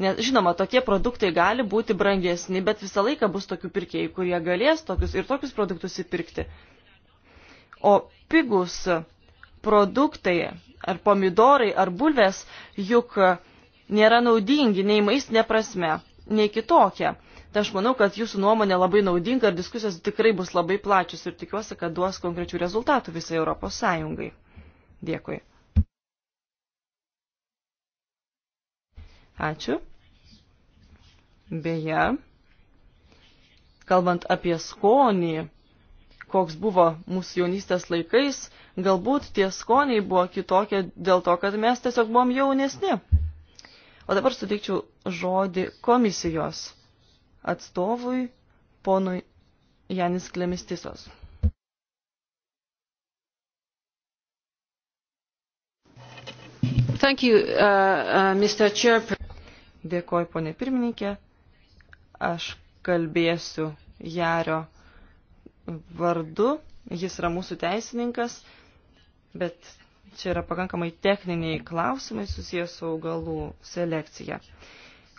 Nes, žinoma, tokie produktai gali būti brangesni, bet visą laiką bus tokių pirkėjų, kurie galės tokius ir tokius produktus įpirkti. O pigus produktai ar pomidorai ar bulvės juk nėra naudingi nei maistinė prasme, nei kitokia. Tai aš manau, kad jūsų nuomonė labai naudinga ir diskusijos tikrai bus labai plačios ir tikiuosi, kad duos konkrečių rezultatų visai Europos Sąjungai. Dėkui. Ačiū. Beje, kalbant apie skonį, koks buvo mūsų jaunystės laikais, galbūt tie skoniai buvo kitokie dėl to, kad mes tiesiog buvom jaunesni. O dabar suteikčiau žodį komisijos atstovui, ponui Janis Klemistisos. Thank you, uh, uh, Mr. Chair. Dėkoju, ponė pirmininkė. Aš kalbėsiu Jario vardu. Jis yra mūsų teisininkas, bet čia yra pakankamai techniniai klausimai susijęs su augalų selekcija.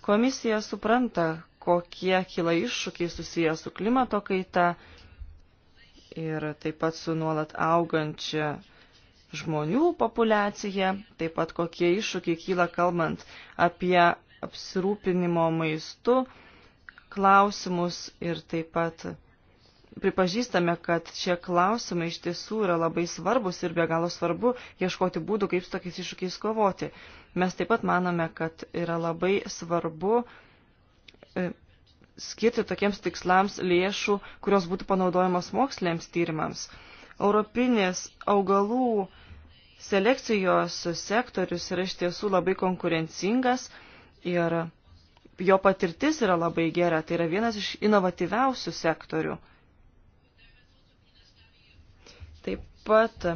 Komisija supranta, kokie kyla iššūkiai susijęs su klimato kaita ir taip pat su nuolat augančia žmonių populiacija, taip pat kokie iššūkiai kyla kalbant apie apsirūpinimo maistu klausimus ir taip pat pripažįstame, kad šie klausimai iš tiesų yra labai svarbus ir be galo svarbu ieškoti būdų, kaip su tokiais iššūkiais kovoti. Mes taip pat manome, kad yra labai svarbu e, skirti tokiems tikslams lėšų, kurios būtų panaudojamos moksliniams tyrimams. Europinės augalų Selekcijos sektorius yra iš tiesų labai konkurencingas ir jo patirtis yra labai gera. Tai yra vienas iš inovatyviausių sektorių. Taip pat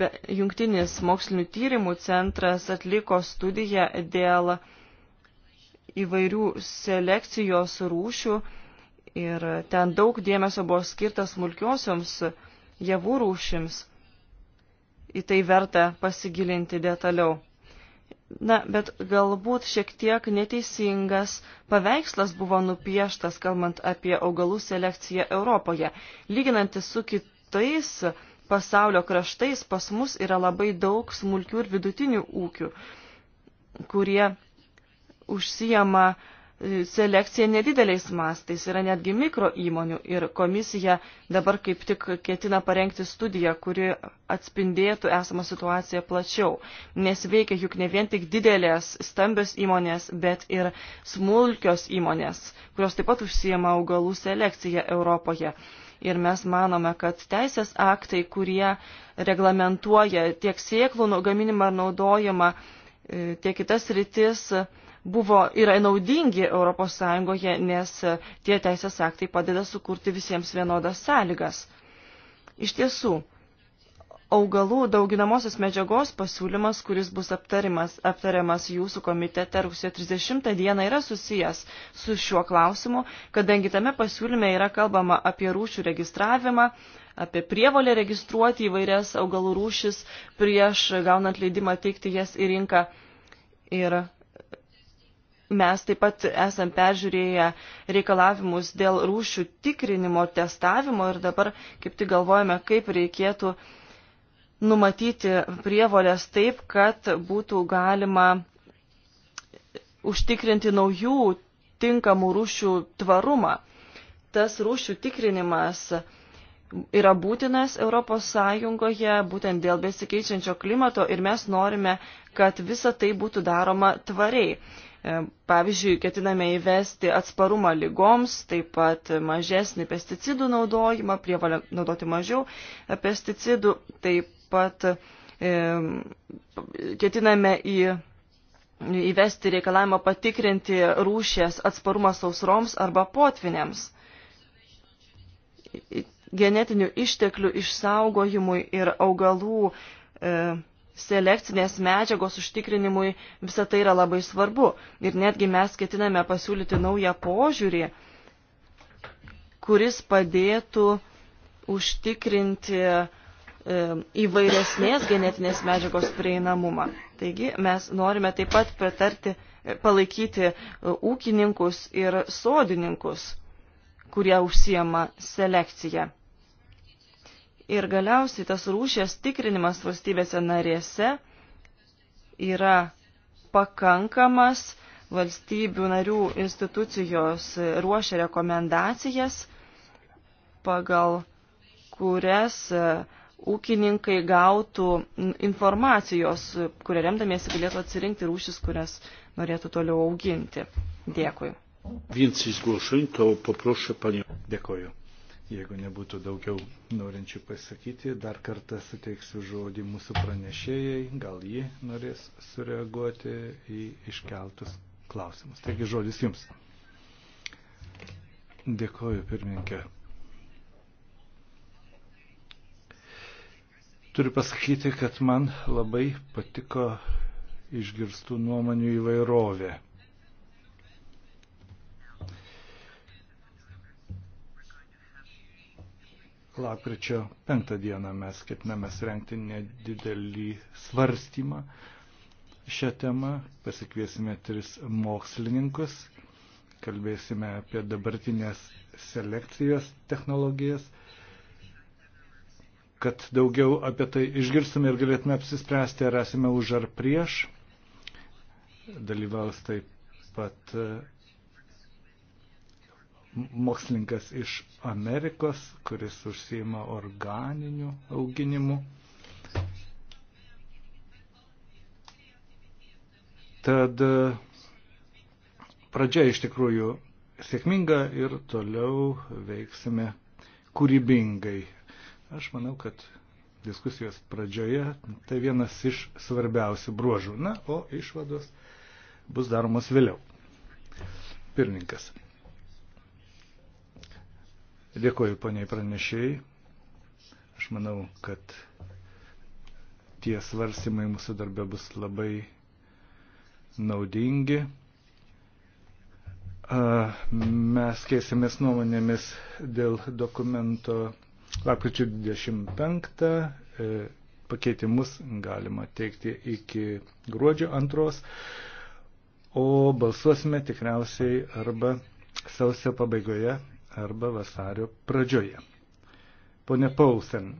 be, jungtinis mokslinių tyrimų centras atliko studiją dėl įvairių selekcijos rūšių ir ten daug dėmesio buvo skirtas smulkiosioms javų rūšims į tai verta pasigilinti detaliau. Na, bet galbūt šiek tiek neteisingas paveikslas buvo nupieštas, kalbant apie augalų selekciją Europoje. Lyginantis su kitais pasaulio kraštais, pas mus yra labai daug smulkių ir vidutinių ūkių, kurie užsijama uh, selekcija nedideliais mastais, yra netgi mikro įmonių ir komisija dabar kaip tik ketina parengti studiją, kuri atspindėtų esamą situaciją plačiau, nes veikia juk ne vien tik didelės, stambios įmonės, bet ir smulkios įmonės, kurios taip pat užsijama augalų selekcija Europoje. Ir mes manome, kad teisės aktai, kurie reglamentuoja tiek sieklų nu- gaminimą ir naudojimą, e, tiek kitas rytis, buvo, yra naudingi ES, nes e, tie teisės aktai padeda sukurti visiems vienodas sąlygas. Iš tiesų, augalų dauginamosios medžiagos pasiūlymas, kuris bus aptarimas, aptariamas jūsų komitete rugsėjo 30 dieną, yra susijęs su šiuo klausimu, kadangi tame pasiūlyme yra kalbama apie rūšių registravimą, apie prievolę registruoti įvairias augalų rūšis prieš gaunant leidimą teikti jas į rinką. Ir Mes taip pat esam peržiūrėję reikalavimus dėl rūšių tikrinimo, testavimo ir dabar kaip tik galvojame, kaip reikėtų numatyti prievolės taip, kad būtų galima užtikrinti naujų tinkamų rūšių tvarumą. Tas rūšių tikrinimas yra būtinas ES būtent dėl besikeičiančio klimato ir mes norime, kad visa tai būtų daroma tvariai. E, pavyzdžiui, ketiname įvesti atsparumą lygoms, taip pat mažesnį pesticidų naudojimą, prievalę naudoti mažiau pesticidų, taip pat e, ketiname į, įvesti reikalavimą patikrinti rūšės atsparumą sausroms arba potviniams genetinių išteklių išsaugojimui ir augalų e, selekcinės medžiagos užtikrinimui visą tai yra labai svarbu. Ir netgi mes ketiname pasiūlyti naują požiūrį, kuris padėtų užtikrinti e, įvairesnės genetinės medžiagos prieinamumą. Taigi mes norime taip pat pritarti, e, palaikyti e, ūkininkus ir sodininkus, kurie užsiema selekciją. Ir galiausiai tas rūšės tikrinimas valstybėse narėse yra pakankamas valstybių narių institucijos ruošia rekomendacijas, pagal kurias e, ūkininkai gautų informacijos, kuria remdamiesi galėtų atsirinkti rūšis, kurias norėtų toliau auginti. Dėkui. Więcej zgłoszeń to poproszę panią. Dėkoju. Jeigu nebūtų daugiau norinčių pasakyti, dar kartą suteiksiu žodį mūsų pranešėjai, gal ji norės sureaguoti į iškeltus klausimus. Taigi žodis jums. Dėkoju, pirmininkė. Turiu pasakyti, kad man labai patiko išgirstų nuomonių įvairovė. Lapkričio penktą dieną mes ketiname rengti nedidelį svarstymą šią temą. Pasikviesime tris mokslininkus, kalbėsime apie dabartinės selekcijos technologijas, kad daugiau apie tai išgirstume ir galėtume apsispręsti, ar esame už ar prieš. Dalyvaus taip pat mokslininkas iš Amerikos, kuris užsima organiniu auginimu. Tad e, pradžia iš tikrųjų sėkminga ir toliau veiksime kūrybingai. Aš manau, kad diskusijos pradžioje tai vienas iš svarbiausių bruožų. Na, o išvados bus daromos vėliau. Pirmininkas. Dėkuoju poniai pranešėjai. Aš manau, kad tie svarstymai mūsų darbė bus labai naudingi. Mes keisimės nuomonėmis dėl dokumento lapkričio 25. E, pakeitimus galima teikti iki gruodžio 2, o balsuosime tikriausiai arba sausio pabaigoje arba vasario pradžioje. Pone Paulsen,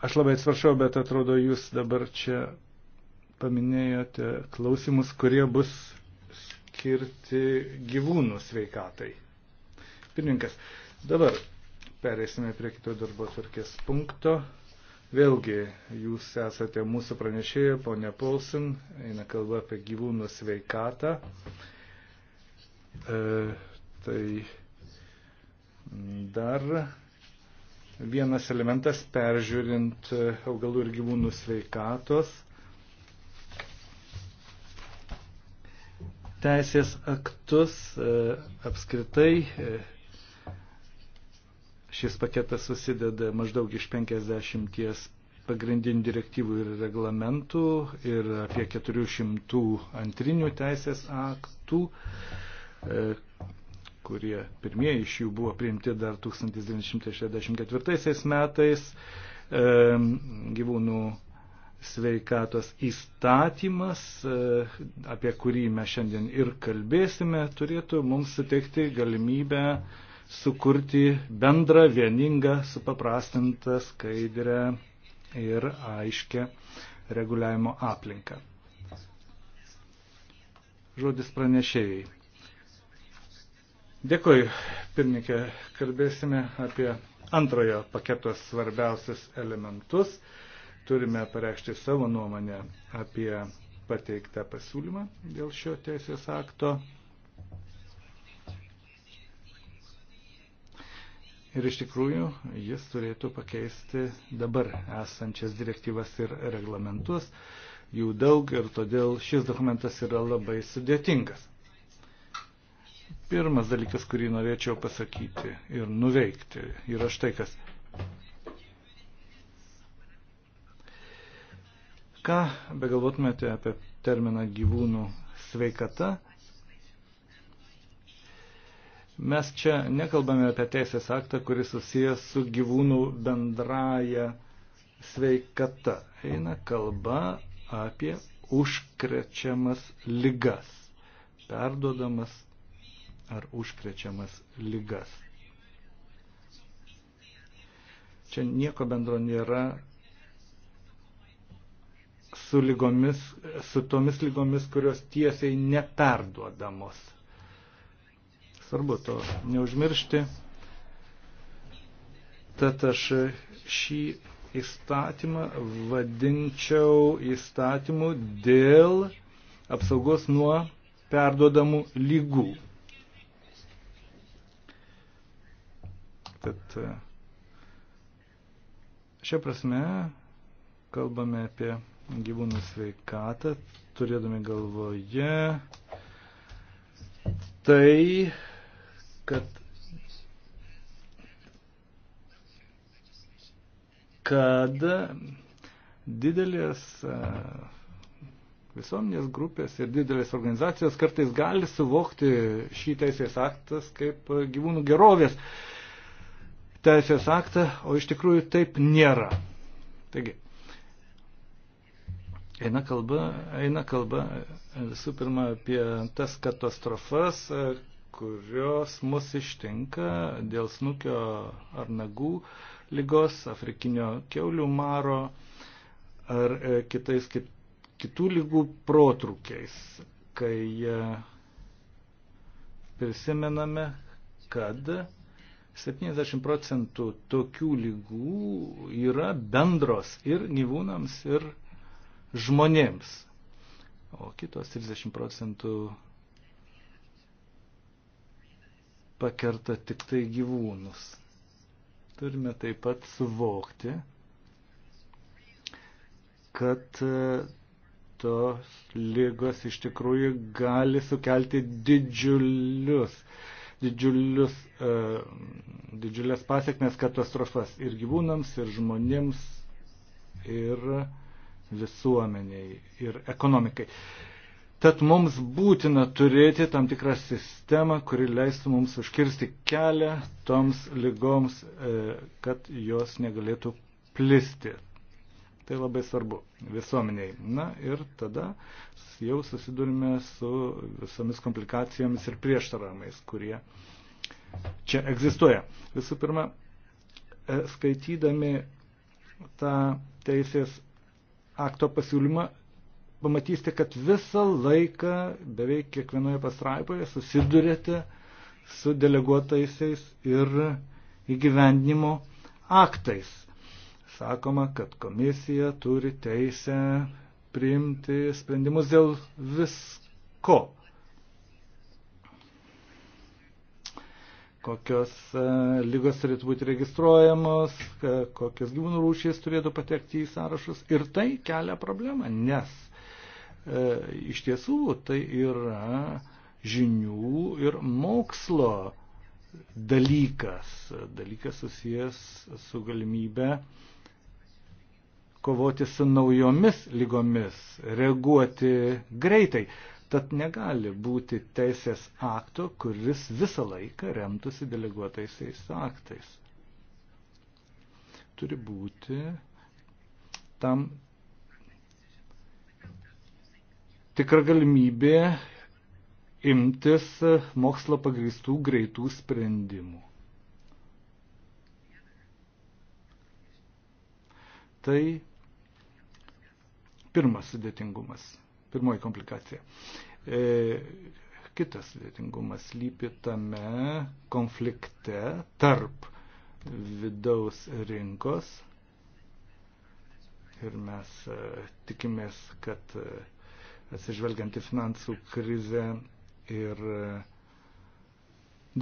aš labai atsiprašau, bet atrodo, jūs dabar čia paminėjote klausimus, kurie bus skirti gyvūnų sveikatai. Pirmininkas, dabar perėsime prie kito darbo tvarkės punkto. Vėlgi, jūs esate mūsų pranešėja, ponia Paulsen, eina kalba apie gyvūnų sveikatą. E, tai dar vienas elementas peržiūrint augalų ir gyvūnų sveikatos. Teisės aktus e, apskritai e, Šis paketas susideda maždaug iš 50 pagrindinių direktyvų ir reglamentų ir apie 400 antrinių teisės aktų, e, kurie pirmieji iš jų buvo priimti dar 1964 metais e, gyvūnų sveikatos įstatymas, e, apie kurį mes šiandien ir kalbėsime, turėtų mums suteikti galimybę sukurti bendrą, vieningą, supaprastintą, skaidrę ir aiškę reguliavimo aplinką. Žodis pranešėjai. Dėkui, pirmininkė, kalbėsime apie antrojo paketo svarbiausius elementus. Turime pareikšti savo nuomonę apie pateiktą pasiūlymą dėl šio teisės akto. Ir iš tikrųjų jis turėtų pakeisti dabar esančias direktyvas ir reglamentus. Jų daug ir todėl šis dokumentas yra labai sudėtingas. Pirmas dalykas, kurį norėčiau pasakyti ir nuveikti, yra štai kas. Ką begalvotumėte apie terminą gyvūnų sveikata, Mes čia nekalbame apie teisės aktą, kuris susijęs su gyvūnų bendraja sveikata. Eina kalba apie užkrečiamas ligas, perduodamas ar užkrečiamas ligas. Čia nieko bendro nėra su, lygomis, su tomis lygomis, kurios tiesiai neperduodamos. Svarbu to neužmiršti. Tad aš šį įstatymą vadinčiau įstatymu dėl apsaugos nuo perduodamų lygų. Tad šią prasme kalbame apie gyvūnų sveikatą, turėdami galvoje tai, kad kad didelės e, visuomenės grupės ir didelės organizacijos kartais gali suvokti šį teisės aktas kaip gyvūnų gerovės teisės aktą, o iš tikrųjų taip nėra. Taigi, eina kalba, eina kalba visų pirma apie tas katastrofas, kurios mus ištinka dėl snukio ar nagų lygos, afrikinio keulių maro ar e, kitais kit, kitų lygų protrukiais, kai e, prisimename, kad 70 procentų tokių lygų yra bendros ir gyvūnams, ir žmonėms. O kitos 30 procentų pakerta tik tai gyvūnus. Turime taip pat suvokti, kad e, tos lygos iš tikrųjų gali sukelti didžiulius, didžiulius, uh, didžiulės pasiekmes katastrofas ir gyvūnams, ir žmonėms, ir visuomeniai, ir ekonomikai. Tad mums būtina turėti tam tikrą sistemą, kuri leistų mums užkirsti kelią toms lygoms, e, kad jos negalėtų plisti. Tai labai svarbu visuomeniai. Na ir tada jau susidurime su visomis komplikacijomis ir prieštaravimais, kurie čia egzistuoja. Visų pirma, e, skaitydami tą teisės akto pasiūlymą pamatysite, kad visą laiką, beveik kiekvienoje pastraipoje susidurėte su deleguotaisiais ir įgyvendinimo aktais. Sakoma, kad komisija turi teisę priimti sprendimus dėl visko. kokios e, lygos turėtų būti registruojamos, e, kokios gyvūnų rūšys turėtų patekti į sąrašus. Ir tai kelia problemą, nes E, iš tiesų tai yra žinių ir mokslo dalykas, dalykas susijęs su galimybė kovoti su naujomis lygomis, reaguoti greitai. Tad negali būti teisės akto, kuris visą laiką remtųsi deleguotaisiais aktais. Turi būti tam tikra galimybė imtis mokslo pagristų greitų sprendimų. Tai pirmas sudėtingumas, pirmoji komplikacija. E, kitas sudėtingumas lypi tame konflikte tarp vidaus rinkos ir mes e, tikimės, kad e, atsižvelgiant į finansų krizę ir e,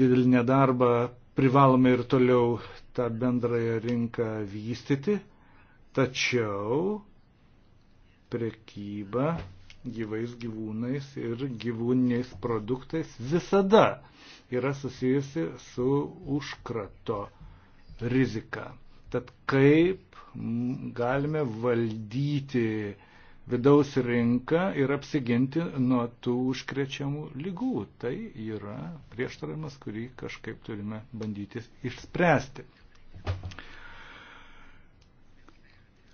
didelį nedarbą, privalome ir toliau tą bendrąją rinką vystyti, tačiau prekyba gyvais gyvūnais ir gyvūniniais produktais visada yra susijusi su užkrato rizika. Tad kaip galime valdyti vidaus rinką ir apsiginti nuo tų užkrečiamų lygų. Tai yra prieštaravimas, kurį kažkaip turime bandyti išspręsti.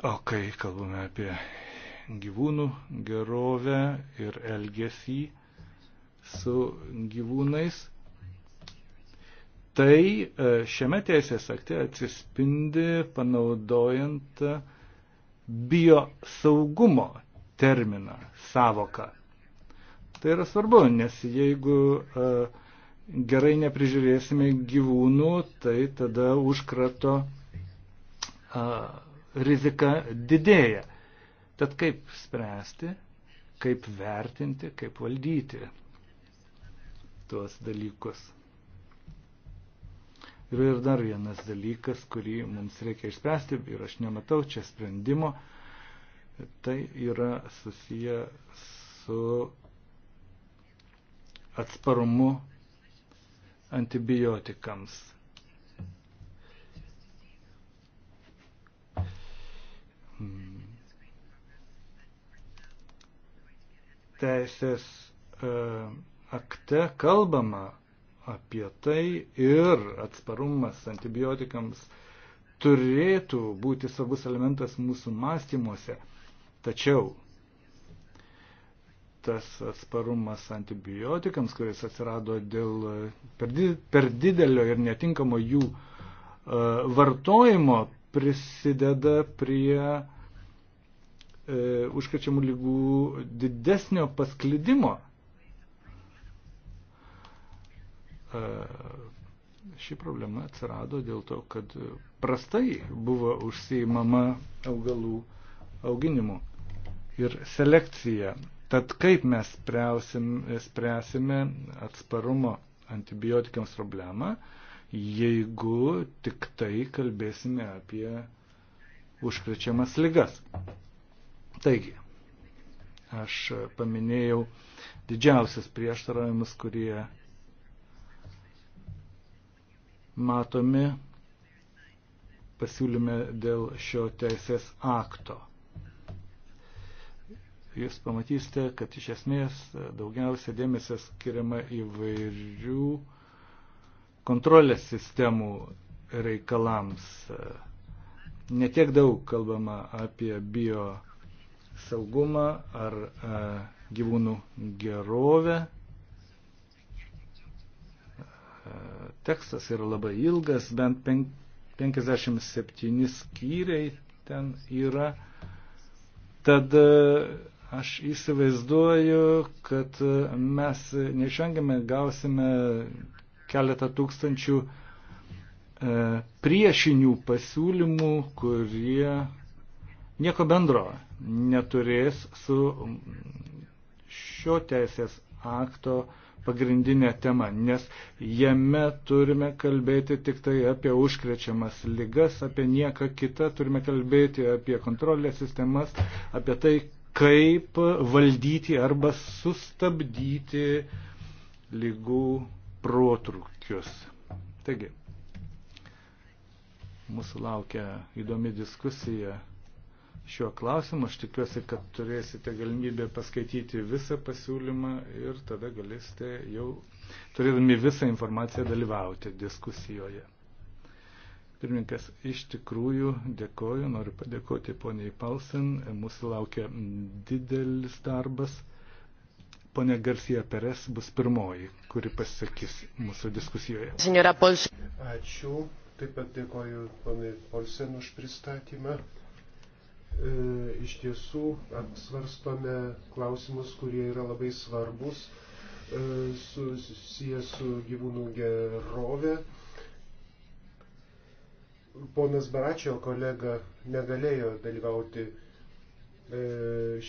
O kai kalbame apie gyvūnų gerovę ir elgesį su gyvūnais, tai e, šiame teisės akte atsispindi panaudojant uh, bio saugumo terminą, savoką. Tai yra svarbu, nes jeigu e, gerai neprižiūrėsime gyvūnų, tai tada užkrato e, rizika didėja. Tad kaip spręsti, kaip vertinti, kaip valdyti tuos dalykus. Yra ir dar vienas dalykas, kurį mums reikia išspręsti ir aš nematau čia sprendimo. Tai yra susiję su atsparumu antibiotikams. Teisės e, akte kalbama apie tai ir atsparumas antibiotikams turėtų būti savus elementas mūsų mąstymuose. Tačiau tas atsparumas antibiotikams, kuris atsirado dėl per, di per didelio ir netinkamo jų uh, vartojimo, prisideda prie uh, užkrečiamų lygų didesnio pasklidimo E, ši problema atsirado dėl to, kad prastai buvo užsiimama augalų auginimu ir selekcija. Tad kaip mes spręsim, spręsime atsparumo antibiotikams problemą, jeigu tik tai kalbėsime apie užkrečiamas ligas. Taigi, aš paminėjau didžiausias prieštaravimus, kurie matomi pasiūlyme dėl šio teisės akto. Jūs pamatysite, kad iš esmės daugiausia dėmesio skiriama įvairių kontrolės sistemų reikalams. Netiek daug kalbama apie bio saugumą ar a, e, gyvūnų gerovę. A, e, Tekstas yra labai ilgas, bent 57 skyriai ten yra. Tad e, aš įsivaizduoju, kad e, mes neišvengiamai gausime keletą tūkstančių e, priešinių pasiūlymų, kurie nieko bendro neturės su šio teisės akto uh, pagrindinę temą, nes jame turime kalbėti tik tai apie užkrečiamas lygas, apie nieką kitą, turime kalbėti apie kontrolės sistemas, apie tai, kaip valdyti arba sustabdyti lygų protrukius. Taigi, mūsų laukia įdomi diskusija šiuo klausimu. Aš tikiuosi, kad turėsite galimybę paskaityti visą pasiūlymą ir tada galėsite jau turėdami visą informaciją dalyvauti diskusijoje. Pirmininkas, iš tikrųjų dėkoju, noriu padėkoti poniai Palsen, mūsų laukia didelis darbas. Pone Garcia Perez bus pirmoji, kuri pasisakys mūsų diskusijoje. Ačiū, taip pat dėkoju ponai Polsen už pristatymą. E, iš tiesų apsvarstome klausimus, kurie yra labai svarbus, e, susiję su gyvūnų gerove. Ponas Baračio kolega negalėjo dalyvauti e,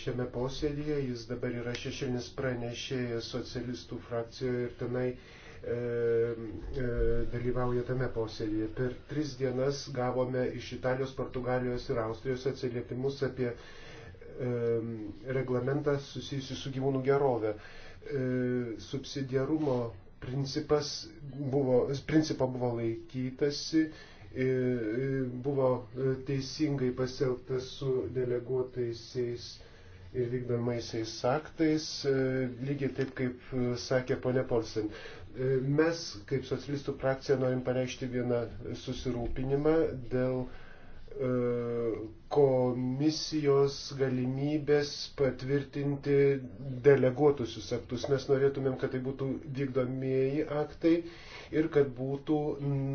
šiame posėdėje, jis dabar yra šešėlinis pranešėjas socialistų frakcijoje ir tenai E, e, dalyvauja tame posėdėje. Per tris dienas gavome iš Italijos, Portugalijos ir Austrijos atsiliepimus apie e, reglamentą susijusiu su gyvūnų gerove. Subsidiarumo principas buvo, principo buvo laikytasi, buvo teisingai pasielgtas su deleguotaisiais ir vykdomaisiais aktais, lygiai taip kaip sakė ponė Polsen. E, mes, kaip socialistų frakcija, norim pareikšti vieną susirūpinimą dėl e, komisijos galimybės patvirtinti deleguotusius aktus. Mes norėtumėm, kad tai būtų vykdomieji aktai ir kad būtų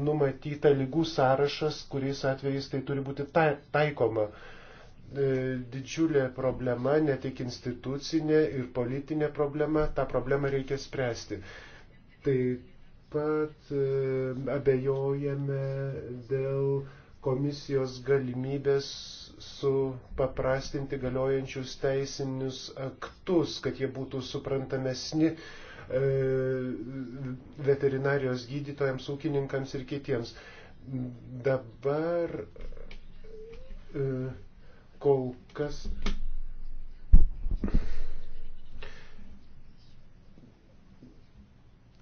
numatyta lygų sąrašas, kuriais atvejais tai turi būti ta taikoma e, didžiulė problema, ne tik institucinė ir politinė problema, tą problemą reikia spręsti. Taip pat e, abejojame dėl komisijos galimybės supaprastinti galiojančius teisinius aktus, kad jie būtų suprantamesni e, veterinarijos gydytojams, ūkininkams ir kitiems. Dabar e, kol kas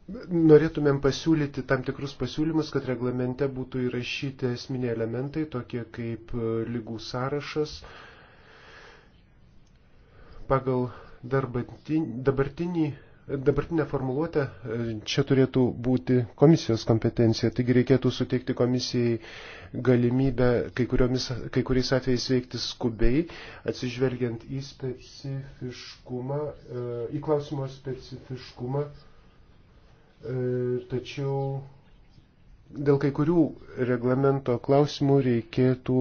norėtumėm pasiūlyti tam tikrus pasiūlymus, kad reglamente būtų įrašyti esminiai elementai, tokie kaip e, lygų sąrašas. Pagal dabartinį, dabartinę formuluotę e, čia turėtų būti komisijos kompetencija, taigi reikėtų suteikti komisijai galimybę kai, kuriomis, kai kuriais atvejais veikti skubiai, atsižvelgiant į specifiškumą, e, į klausimo specifiškumą E, tačiau dėl kai kurių reglamento klausimų reikėtų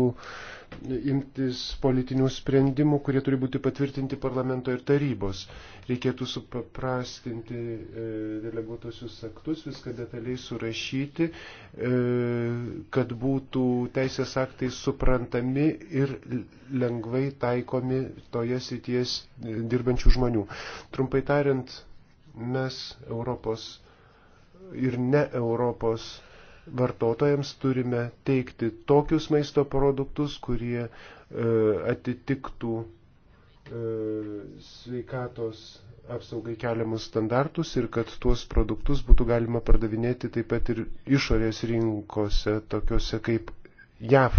imtis politinių sprendimų, kurie turi būti patvirtinti parlamento ir tarybos. Reikėtų supaprastinti e, deleguotusius aktus, viską detaliai surašyti, e, kad būtų teisės aktai suprantami ir lengvai taikomi toje sities dirbančių žmonių. Trumpai tariant, mes Europos ir ne Europos vartotojams turime teikti tokius maisto produktus, kurie e, atitiktų e, sveikatos apsaugai keliamus standartus ir kad tuos produktus būtų galima pardavinėti taip pat ir išorės rinkose, tokiuose kaip JAV,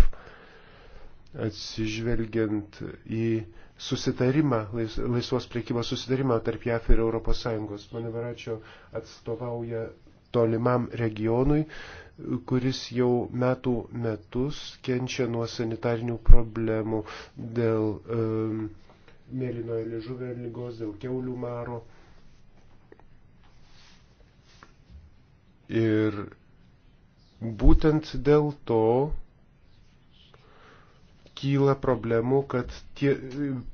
atsižvelgiant į susitarimą, laisvos priekybos susitarimą tarp JAF ir ES. Mane Varačio atstovauja tolimam regionui, kuris jau metų metus kenčia nuo sanitarinių problemų dėl e, mėlynojo ližuvio lygos, dėl keulių maro. Ir būtent dėl to kyla problemų, kad tie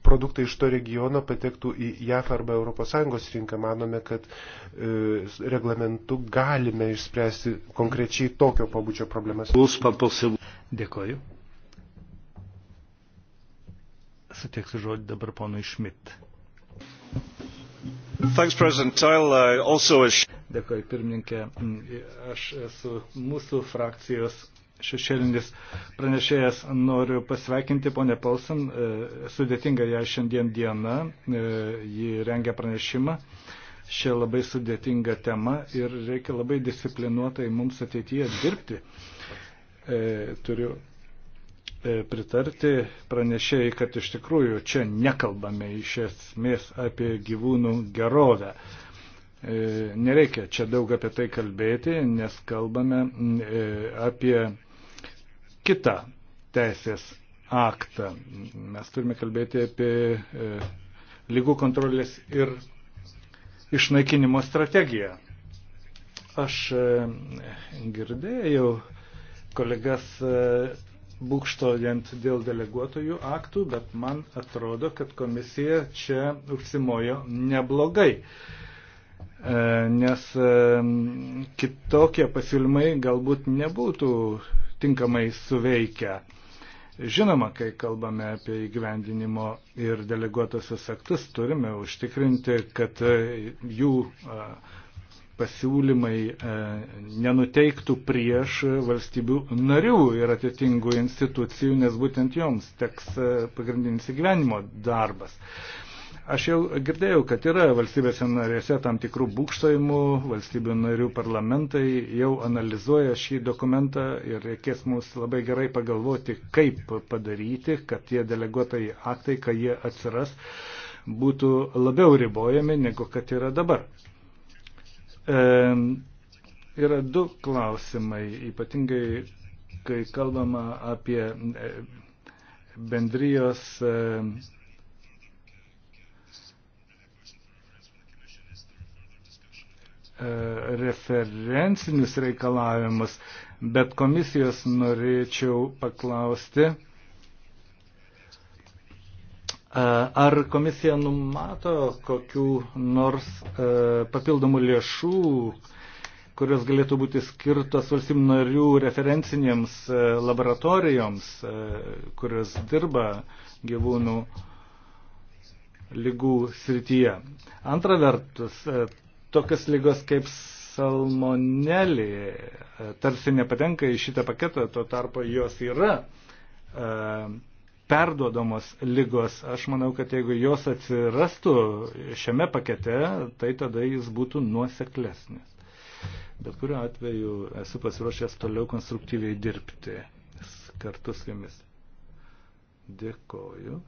produktai iš to regiono patektų į JAF arba ES rinką. Manome, kad e, reglamentu galime išspręsti konkrečiai tokio pabudžio problemas. Dėkoju. Suteiksiu žodį dabar ponui Šmit. Thanks, President. I'll uh, also... Dėkoju, pirmininkė. Aš esu mūsų frakcijos šešėlinis pranešėjas. Noriu pasveikinti ponę Paulsen. E, sudėtinga ją šiandien diena. E, ji rengia pranešimą. Šia labai sudėtinga tema ir reikia labai disciplinuotai mums ateityje dirbti. E, turiu pritarti pranešėjai, kad iš tikrųjų čia nekalbame iš esmės apie gyvūnų gerovę. Nereikia čia daug apie tai kalbėti, nes kalbame apie kitą teisės aktą. Mes turime kalbėti apie e, lygų kontrolės ir išnaikinimo strategiją. Aš e, girdėjau kolegas e, būkštojant dėl deleguotojų aktų, bet man atrodo, kad komisija čia užsimojo neblogai. Nes kitokie pasiūlymai galbūt nebūtų tinkamai suveikia. Žinoma, kai kalbame apie įgyvendinimo ir deleguotosius aktus, turime užtikrinti, kad e, jų e, pasiūlymai e, nenuteiktų prieš valstybių narių ir atitingų institucijų, nes būtent joms teks pagrindinis įgyvenimo darbas. Aš jau girdėjau, kad yra valstybėse narėse tam tikrų būkštojimų, valstybių narių parlamentai jau analizuoja šį dokumentą ir reikės mums labai gerai pagalvoti, kaip padaryti, kad tie deleguotai aktai, kai jie atsiras, būtų labiau ribojami, negu kad yra dabar. E, yra du klausimai, ypatingai kai kalbama apie e, bendrijos. E, referencinius reikalavimus, bet komisijos norėčiau paklausti, ar komisija numato kokių nors papildomų lėšų, kurios galėtų būti skirtos valstybių narių referencinėms laboratorijoms, kurios dirba gyvūnų lygų srityje. Antra vertus, tokios lygos kaip salmonelė e, tarsi nepatenka į šitą paketą, tuo tarpu jos yra e, perduodamos lygos. Aš manau, kad jeigu jos atsirastų šiame pakete, tai tada jis būtų nuoseklesnis. Bet kuriuo atveju esu pasiruošęs toliau konstruktyviai dirbti kartu su jumis. Dėkoju.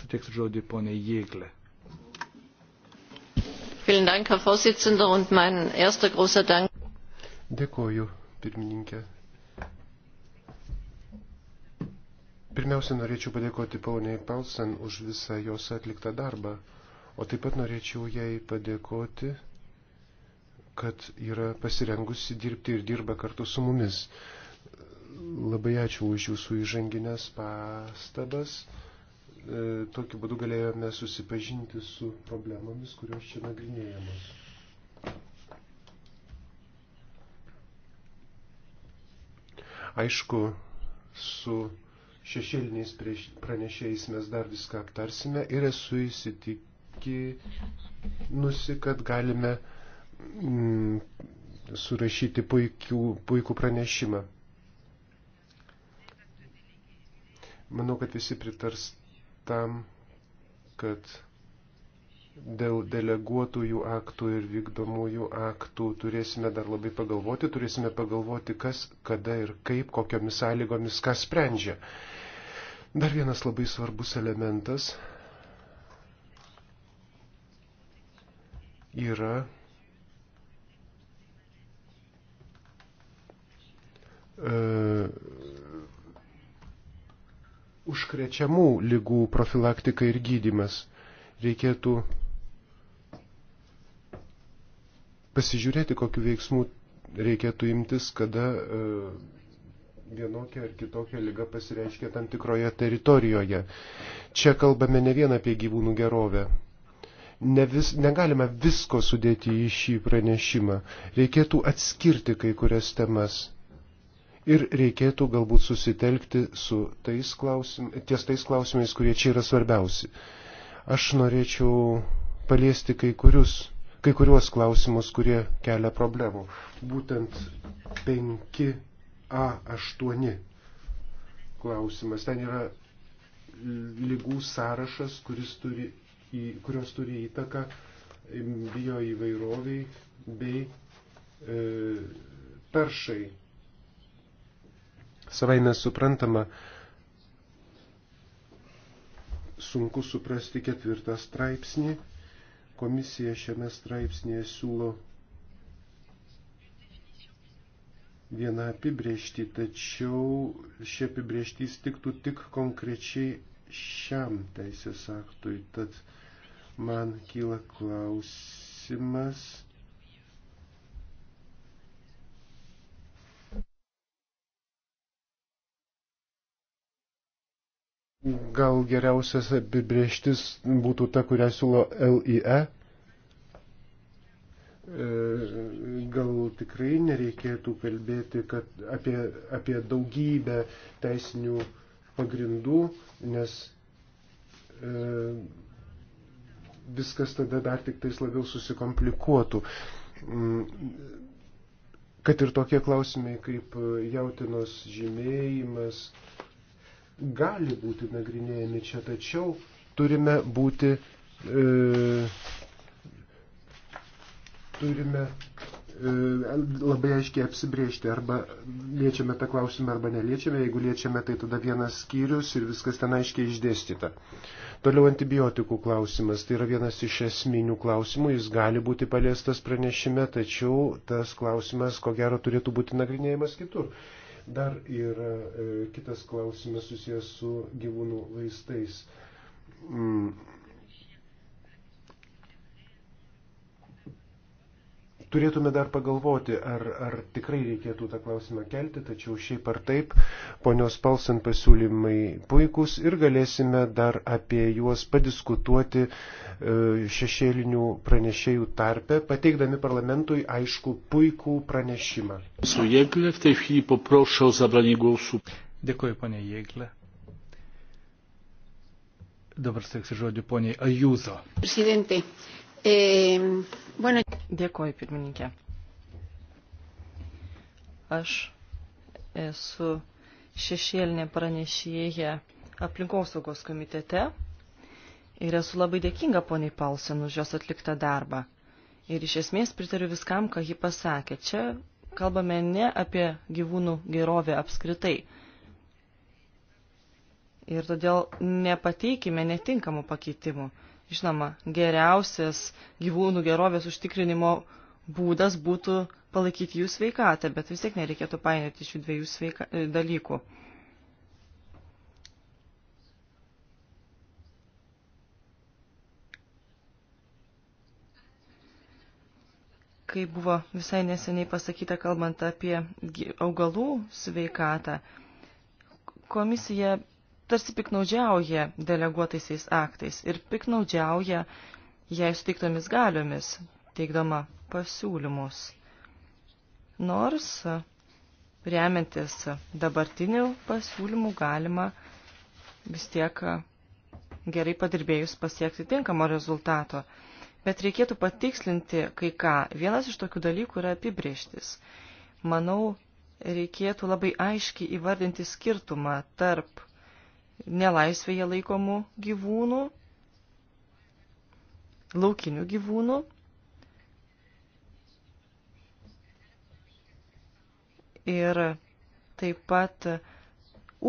Sutiks žodį ponė Jėglė. Vielen Dank, Herr Vorsitzender, und mein erster großer Dank. Dėkoju, pirmininkė. Pirmiausia, norėčiau padėkoti poniai Palsen už visą jos atliktą darbą, o taip pat norėčiau jai padėkoti, kad yra pasirengusi dirbti ir dirba kartu su mumis. Labai ačiū už jūsų įžanginės pastabas. E, tokiu būdu galėjome susipažinti su problemomis, kurios čia nagrinėjamos. Aišku, su šešėliniais pranešėjais mes dar viską aptarsime ir esu įsitikinusi, kad galime mm, surašyti puikių, puikų pranešimą. Manau, kad visi pritars tam, kad dėl deleguotųjų aktų ir vykdomųjų aktų turėsime dar labai pagalvoti, turėsime pagalvoti, kas, kada ir kaip, kokiomis sąlygomis, kas sprendžia. Dar vienas labai svarbus elementas yra e, užkrečiamų lygų profilaktika ir gydimas. Reikėtų pasižiūrėti, kokiu veiksmu reikėtų imtis, kada e, vienokia ar kitokia lyga pasireiškia tam tikroje teritorijoje. Čia kalbame ne vien apie gyvūnų gerovę. Ne vis, negalime visko sudėti į šį pranešimą. Reikėtų atskirti kai kurias temas ir reikėtų galbūt susitelkti su tais klausim, ties tais klausimais, kurie čia yra svarbiausi. Aš norėčiau paliesti kai, kurius, kai kuriuos klausimus, kurie kelia problemų. Būtent 5A8 klausimas. Ten yra lygų sąrašas, turi, kurios turi įtaką bio įvairoviai bei e, peršai Savai mes suprantama, sunku suprasti ketvirtą straipsnį. Komisija šiame straipsnėje siūlo vieną apibriežtį, tačiau ši apibriežtys tiktų tik konkrečiai šiam teisės aktui. Tad man kyla klausimas, Gal geriausias apibrieštis būtų ta, kurią siūlo LIE. E, gal tikrai nereikėtų kalbėti kad apie, apie daugybę teisinių pagrindų, nes e, viskas tada dar tik tais labiau susikomplikuotų. Mm, kad ir tokie klausimai kaip jautinos žymėjimas, e, gali būti nagrinėjami čia, tačiau turime būti. E, turime e, labai aiškiai apsibriežti, arba liečiame tą klausimą, arba neliečiame. Jeigu liečiame, tai tada vienas skyrius ir viskas ten aiškiai išdėstyta. Toliau antibiotikų klausimas. Tai yra vienas iš esminių klausimų. Jis gali būti paliestas pranešime, tačiau tas klausimas, ko gero, turėtų būti nagrinėjimas kitur. Dar yra e, kitas klausimas susijęs su gyvūnų vaistais. Mm. turėtume dar pagalvoti, ar, ar tikrai reikėtų tą klausimą kelti, tačiau šiaip ar taip, ponios Palsan pasiūlymai puikūs ir galėsime dar apie juos padiskutuoti e, šešėlinių pranešėjų tarpe, pateikdami parlamentui aišku puikų pranešimą. Dėkuoju, ponė Jėglė. Dabar steiksiu žodį poniai Ajuzo. Presidente, E, bueno. Dėkoju, pirmininkė. Aš esu šešėlinė pranešėja aplinkosaugos komitete ir esu labai dėkinga poniai Palsen už jos atliktą darbą. Ir iš esmės pritariu viskam, ką ji pasakė. Čia kalbame ne apie gyvūnų gerovę apskritai. Ir todėl nepateikime netinkamų pakeitimų. Žinoma, geriausias gyvūnų gerovės užtikrinimo būdas būtų palaikyti jų sveikatą, bet vis tiek nereikėtų painioti šių dviejų sveika, e, dalykų. Kai buvo visai neseniai pasakyta, kalbant apie augalų sveikatą, komisija tarsi piknaudžiauja deleguotaisiais aktais ir piknaudžiauja jai suteiktomis galiomis, teikdama pasiūlymus. Nors, remiantis dabartinių pasiūlymų, galima vis tiek gerai padirbėjus pasiekti tinkamo rezultato. Bet reikėtų patikslinti kai ką. Vienas iš tokių dalykų yra apibrieštis. Manau, reikėtų labai aiškiai įvardinti skirtumą tarp nelaisvėje laikomų gyvūnų, laukinių gyvūnų. Ir taip pat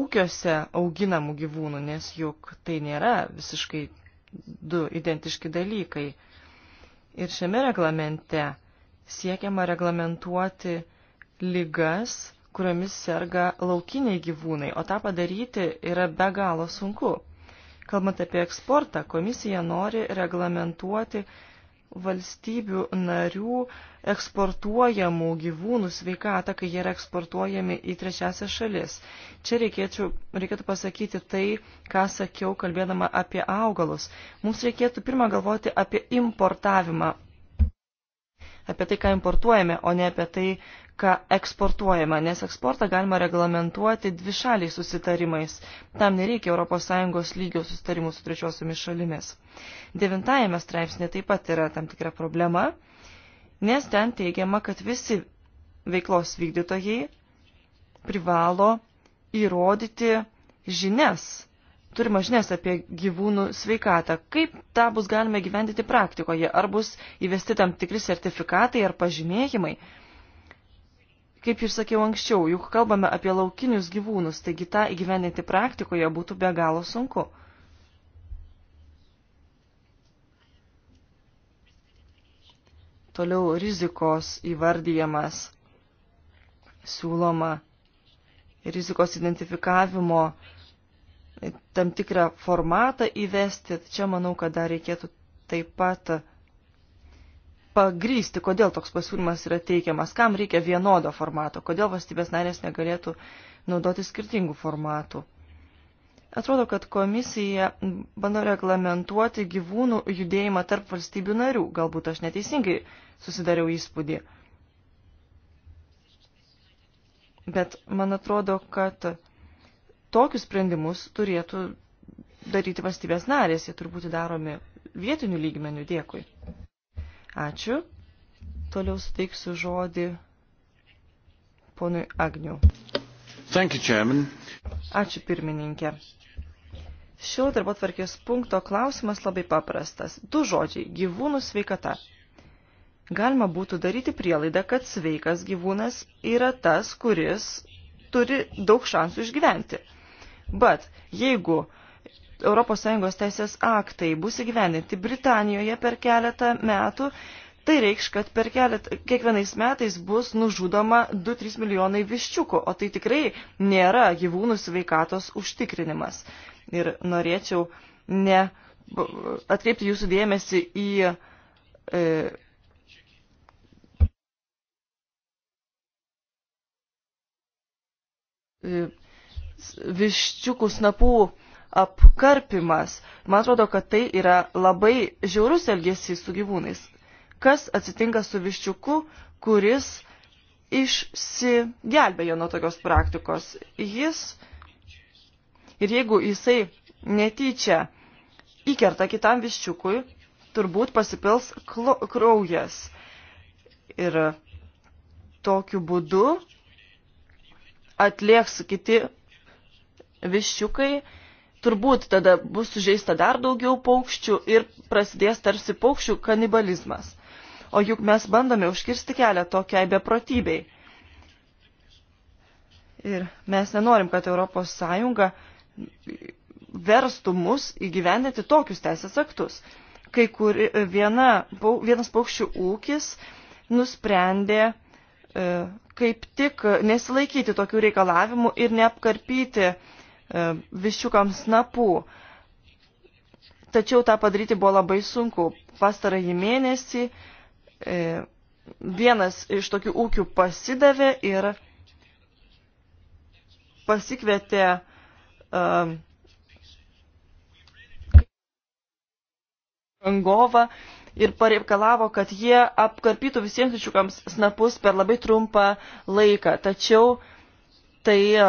ūkiuose auginamų gyvūnų, nes juk tai nėra visiškai du identiški dalykai. Ir šiame reglamente siekiama reglamentuoti lygas, kuriomis serga laukiniai gyvūnai, o tą padaryti yra be galo sunku. Kalbant apie eksportą, komisija nori reglamentuoti valstybių narių eksportuojamų gyvūnų sveikatą, kai jie yra eksportuojami į trečiasias šalis. Čia reikėčiau, reikėtų pasakyti tai, ką sakiau, kalbėdama apie augalus. Mums reikėtų pirmą galvoti apie importavimą, apie tai, ką importuojame, o ne apie tai, ką eksportuojama, nes eksportą galima reglamentuoti dvišaliais susitarimais. Tam nereikia ES lygio susitarimų su trečiosiomis šalimis. Devintajame straipsnė taip pat yra tam tikra problema, nes ten teigiama, kad visi veiklos vykdytojai privalo įrodyti žinias, turime žinias apie gyvūnų sveikatą. Kaip tą bus galima gyvendyti praktikoje? Ar bus įvesti tam tikri sertifikatai ar pažymėjimai? Kaip ir sakiau anksčiau, juk kalbame apie laukinius gyvūnus, taigi tą įgyveninti praktikoje būtų be galo sunku. Toliau rizikos įvardyjamas siūloma rizikos identifikavimo tam tikrą formatą įvesti. Čia manau, kad dar reikėtų taip pat pagrysti, kodėl toks pasiūlymas yra teikiamas, kam reikia vienodo formato, kodėl valstybės narės negalėtų naudoti skirtingų formatų. Atrodo, kad komisija bando reglamentuoti gyvūnų judėjimą tarp valstybių narių. Galbūt aš neteisingai susidariau įspūdį. Bet man atrodo, kad tokius sprendimus turėtų daryti valstybės narės, jie turi būti daromi vietiniu lygmeniu. Dėkui. Ačiū. Toliau suteiksiu žodį ponui Agniu. Thank you, Chairman. Ačiū pirmininkė. Šio darbo tvarkės punkto klausimas labai paprastas. Du žodžiai – gyvūnų sveikata. Galima būtų daryti prielaidą, kad sveikas gyvūnas yra tas, kuris turi daug šansų išgyventi. Bet jeigu uh, ES teisės aktai bus įgyveninti Britanijoje per keletą metų, tai reikš, kad per keletą, kiekvienais metais bus nužudoma 2-3 milijonai viščiukų, o tai tikrai nėra gyvūnų sveikatos užtikrinimas. Ir norėčiau ne atkreipti jūsų dėmesį į. E, e viščiukų snapų apkarpimas. Man atrodo, kad tai yra labai žiaurus elgesys su gyvūnais. Kas atsitinka su viščiuku, kuris išsigelbėjo nuo tokios praktikos? Jis ir jeigu jisai netyčia įkerta kitam viščiukui, turbūt pasipils kraujas. Ir tokiu būdu atlieks kiti viščiukai turbūt tada bus sužeista dar daugiau paukščių ir prasidės tarsi paukščių kanibalizmas. O juk mes bandome užkirsti kelią tokiai beprotybei. Ir mes nenorim, kad Europos Sąjunga verstų mus įgyvendinti tokius teisės aktus. Kai kur e, viena, vienas paukščių ūkis nusprendė e, kaip tik nesilaikyti tokių reikalavimų ir neapkarpyti uh, E, viščiukams napų. Tačiau tą padaryti buvo labai sunku. Pastarąjį mėnesį e, vienas iš tokių ūkių pasidavė ir pasikvietė e, rangovą ir pareikalavo, kad jie apkarpytų visiems viščiukams snapus per labai trumpą laiką. Tačiau uh, tai e,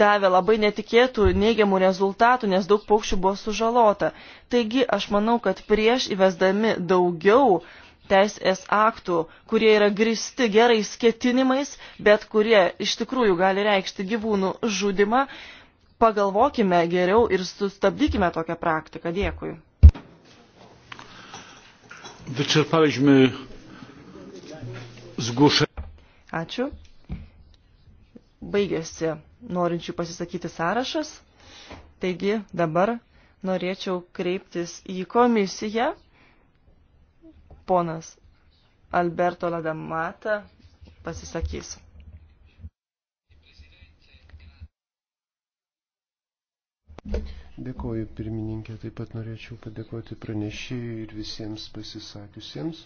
davė labai netikėtų neigiamų rezultatų, nes daug paukščių buvo sužalota. Taigi aš manau, kad prieš įvesdami daugiau teisės aktų, kurie yra gristi gerais ketinimais, bet kurie iš tikrųjų gali reikšti gyvūnų žudimą, pagalvokime geriau ir sustabdykime tokią praktiką. Dėkui. Wyczerpaliśmy zgłoszenie. Ačiū baigėsi norinčių pasisakyti sąrašas. Taigi dabar norėčiau kreiptis į komisiją. Ponas Alberto Ladamata pasisakys. Dėkoju pirmininkė, taip pat norėčiau padėkoti pranešėjai ir visiems pasisakiusiems.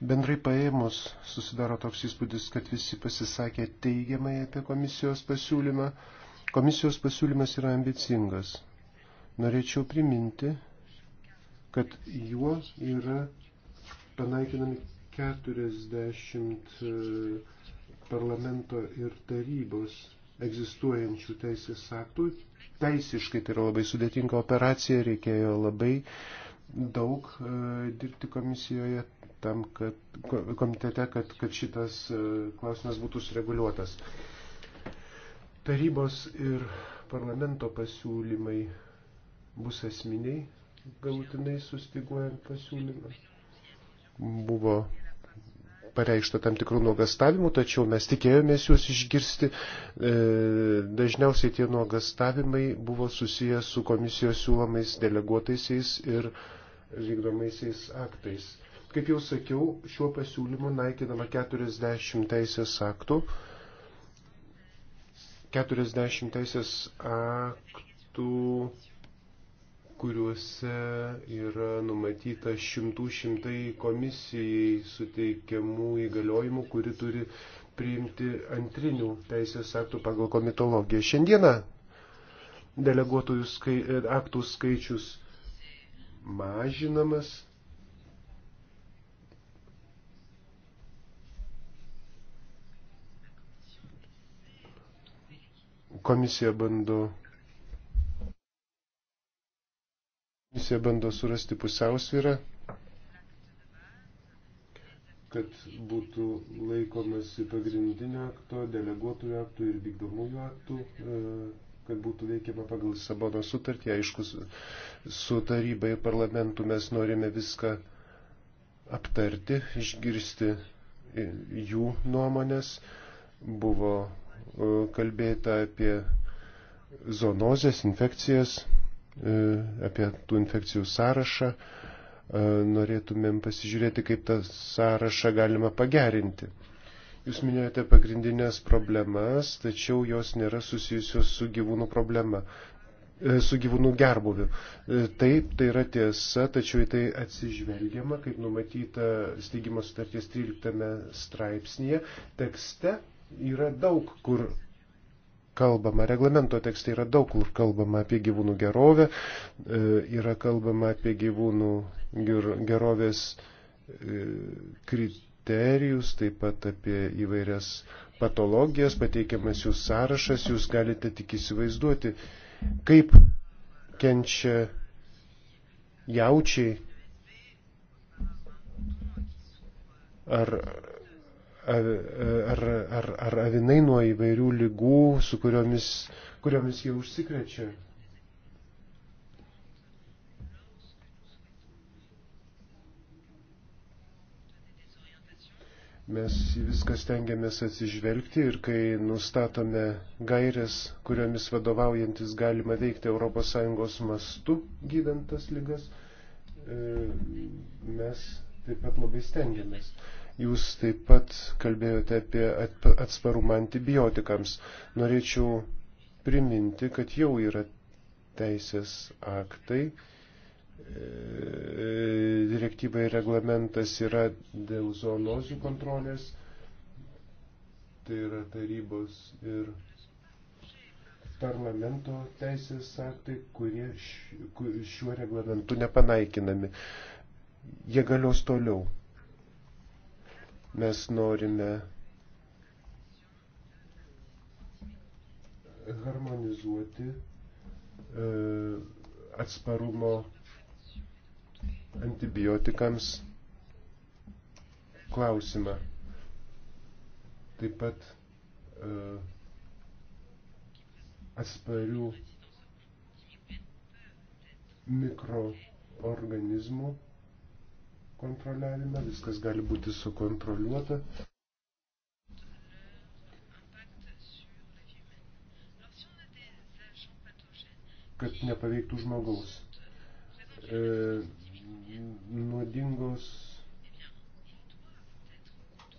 Bendrai paėmus susidaro toks įspūdis, kad visi pasisakė teigiamai apie komisijos pasiūlymą. Komisijos pasiūlymas yra ambicingas. Norėčiau priminti, kad juo yra panaikinami 40 e, parlamento ir tarybos egzistuojančių teisės aktų. Teisiškai tai yra labai sudėtinga operacija, reikėjo labai daug e, dirbti komisijoje, tam, kad komitete, kad, kad šitas e, klausimas būtų sureguliuotas. Tarybos ir parlamento pasiūlymai bus esminiai, galutinai sustiguojant pasiūlymą. Buvo pareikšta tam tikrų nuogastavimų, tačiau mes tikėjomės juos išgirsti. E, dažniausiai tie nuogastavimai buvo susijęs su komisijos siūlomais deleguotaisiais ir vykdomaisiais aktais. Kaip jau sakiau, šiuo pasiūlymu naikinama 40 teisės aktų. 40 teisės aktų, kuriuose yra numatyta šimtų šimtai komisijai suteikiamų įgaliojimų, kuri turi priimti antrinių teisės aktų pagal komitologiją. Šiandieną deleguotojų skai, aktų skaičius mažinamas komisija bando. Komisija bando surasti pusiausvyrą, kad būtų laikomasi pagrindinio akto, deleguotųjų aktų ir vykdomųjų aktų, e, kad būtų veikiama pagal Lisabono sutartį. Aišku, su taryba ir parlamentu mes norime viską aptarti, išgirsti e, jų nuomonės. Buvo E, kalbėta apie zonozės, infekcijas, e, apie tų infekcijų sąrašą. E, norėtumėm pasižiūrėti, kaip tą sąrašą galima pagerinti. Jūs minėjote pagrindinės problemas, tačiau jos nėra susijusios su gyvūnų problema su gyvūnų gerbuviu. Taip, tai yra tiesa, tačiau į tai atsižvelgiama, kaip numatyta steigimo sutarties 13 straipsnėje, tekste yra daug kur kalbama, reglamento tekste yra daug kur kalbama apie gyvūnų gerovę, e, yra kalbama apie gyvūnų gerovės e, kriterijus, taip pat apie įvairias patologijas, pateikiamas jų sąrašas, jūs galite tik įsivaizduoti, kaip kenčia jaučiai ar ar, ar, ar avinai nuo įvairių lygų, su kuriomis, kuriomis jie užsikrečia. Mes į viską stengiamės atsižvelgti ir kai nustatome gairias, kuriomis vadovaujantis galima veikti ES mastu gydantas lygas, e, mes taip pat labai stengiamės. Jūs taip pat kalbėjote apie atsparumą antibiotikams. Norėčiau priminti, kad jau yra teisės aktai, e, direktyva ir reglamentas yra dėl zoonozių kontrolės, tai yra tarybos ir parlamento teisės aktai, kurie šiuo reglamentu nepanaikinami. Jie galios toliau. Mes norime harmonizuoti e, atsparumo antibiotikams klausimą. Taip pat e, atsparių mikroorganizmų kontroliavime, viskas gali būti sukontroliuota. kad nepaveiktų žmogaus. E, nuodingos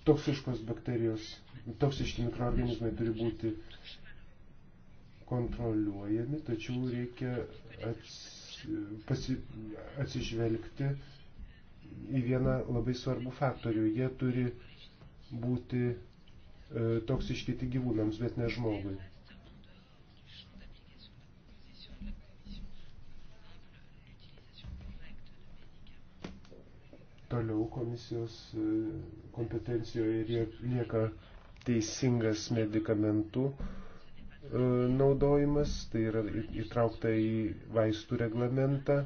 toksiškos bakterijos, toksiški mikroorganizmai turi būti kontroliuojami, tačiau reikia ats, pasi, atsižvelgti į vieną labai svarbų faktorių. Jie turi būti e, toksiški tik gyvūnams, bet ne žmogui. Toliau komisijos e, kompetencijoje lieka teisingas medikamentų e, naudojimas, tai yra įtraukta į vaistų reglamentą.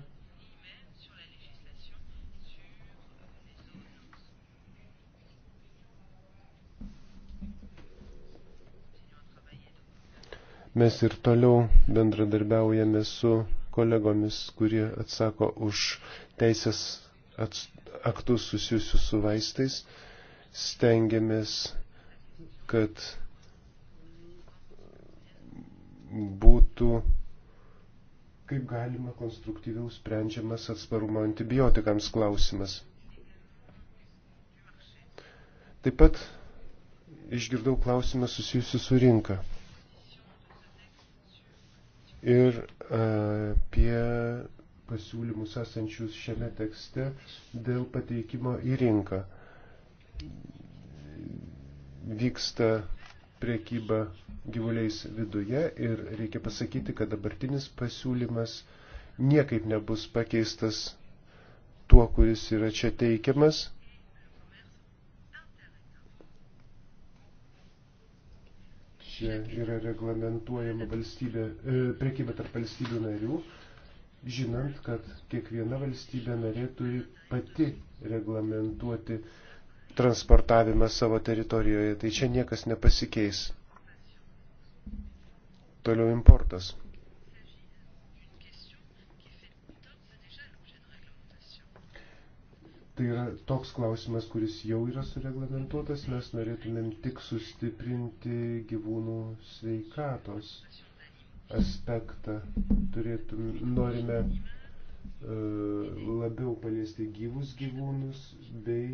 Mes ir toliau bendradarbiaujame su kolegomis, kurie atsako už teisės aktus susijusius su vaistais. Stengiamės, kad būtų kaip galima konstruktyviau sprendžiamas atsparumo antibiotikams klausimas. Taip pat išgirdau klausimą susijusiu su rinka ir e, apie pasiūlymus esančius šiame tekste dėl pateikimo į rinką. Vyksta priekyba gyvuliais viduje ir reikia pasakyti, kad dabartinis pasiūlymas niekaip nebus pakeistas tuo, kuris yra čia teikiamas. čia yra reglamentuojama valstybė, e, prekyba tarp valstybių narių, žinant, kad kiekviena valstybė narė turi pati reglamentuoti transportavimą savo teritorijoje, tai čia niekas nepasikeis. Toliau importas. Tai yra toks klausimas, kuris jau yra sureglamentuotas, mes norėtumėm tik sustiprinti gyvūnų sveikatos aspektą. Turėtum, norime uh, labiau paliesti gyvus gyvūnus bei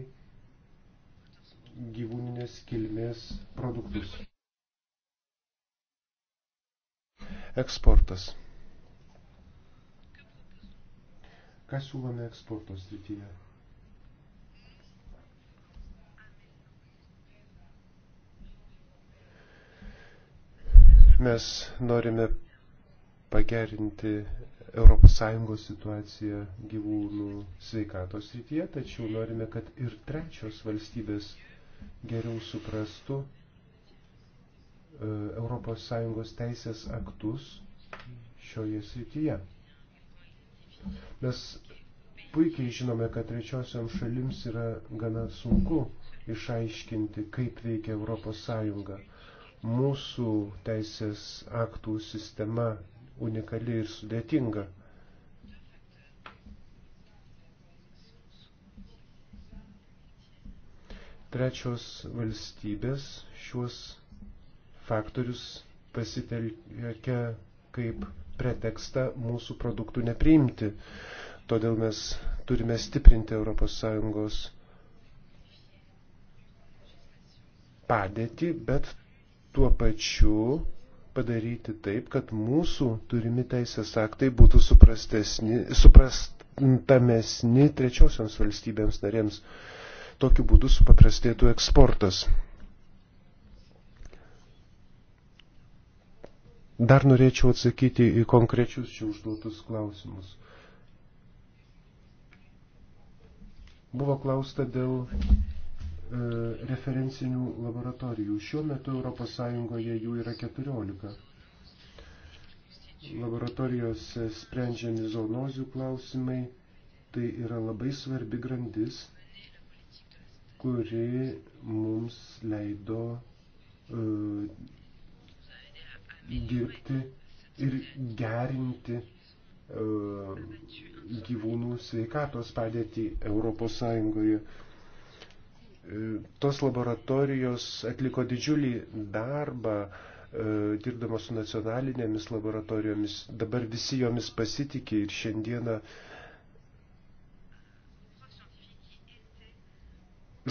gyvūninės kilmės produktus. Eksportas. Ką siūlome eksporto srityje? mes norime pagerinti ES situaciją gyvūnų sveikatos rytyje, tačiau norime, kad ir trečios valstybės geriau suprastų ES teisės aktus šioje srityje. Mes puikiai žinome, kad trečiosiam šalims yra gana sunku išaiškinti, kaip veikia ES. Mūsų teisės aktų sistema unikali ir sudėtinga. Trečios valstybės šiuos faktorius pasitelkia kaip pretekstą mūsų produktų nepriimti. Todėl mes turime stiprinti ES padėtį, bet tuo pačiu padaryti taip, kad mūsų turimi teisės aktai būtų suprastamesni trečiosioms valstybėms narėms. Tokiu būdu supaprastėtų eksportas. Dar norėčiau atsakyti į konkrečius čia užduotus klausimus. Buvo klausta dėl E, referencinių laboratorijų. Šiuo metu ES jų yra 14. Laboratorijose sprendžiami zoonozių klausimai. Tai yra labai svarbi grandis, kuri mums leido uh, dirbti ir gerinti uh, gyvūnų sveikatos padėtį Europos Sąjungoje. Uh, tos laboratorijos atliko didžiulį darbą, e, dirbdamos su nacionalinėmis laboratorijomis. Dabar visi jomis pasitikė ir šiandieną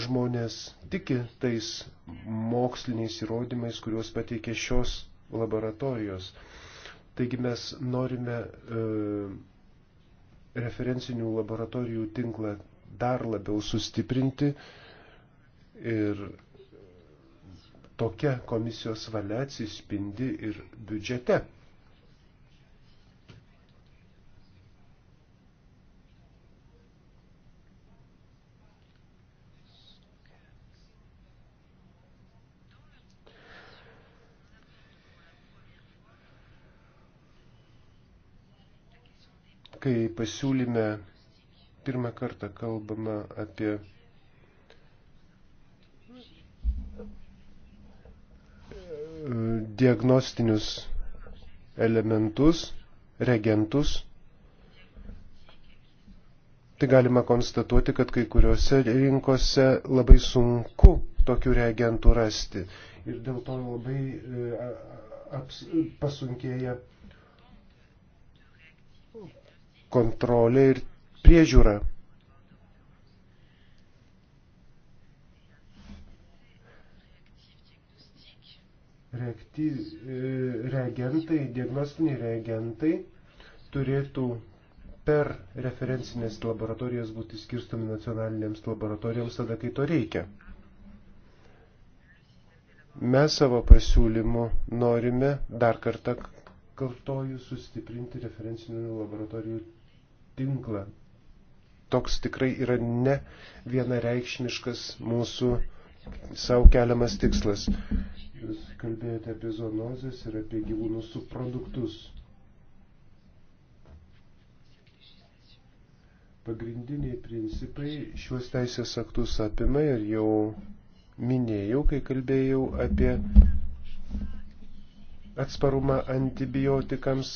žmonės tiki tais moksliniais įrodymais, kuriuos pateikė šios laboratorijos. Taigi mes norime e, referencinių laboratorijų tinklą dar labiau sustiprinti, e, Ir tokia komisijos valia atsispindi ir biudžete. kai pasiūlyme pirmą kartą kalbama apie diagnostinius elementus, reagentus, tai galima konstatuoti, kad kai kuriuose rinkose labai sunku tokių reagentų rasti. Ir dėl to labai e, aps, pasunkėja kontrolė ir priežiūra. reaktyv, e, reagentai, diagnostiniai reagentai turėtų per referencinės laboratorijas būti skirstomi nacionalinėms laboratorijoms tada, kai to reikia. Mes savo pasiūlymu norime dar kartą kartoju sustiprinti referencinių laboratorijų tinklą. Toks tikrai yra ne vienareikšmiškas mūsų savo keliamas tikslas. Jūs kalbėjote apie zoonozes ir apie gyvūnų subproduktus. Pagrindiniai principai šiuos teisės aktus apima ir jau minėjau, kai kalbėjau apie atsparumą antibiotikams,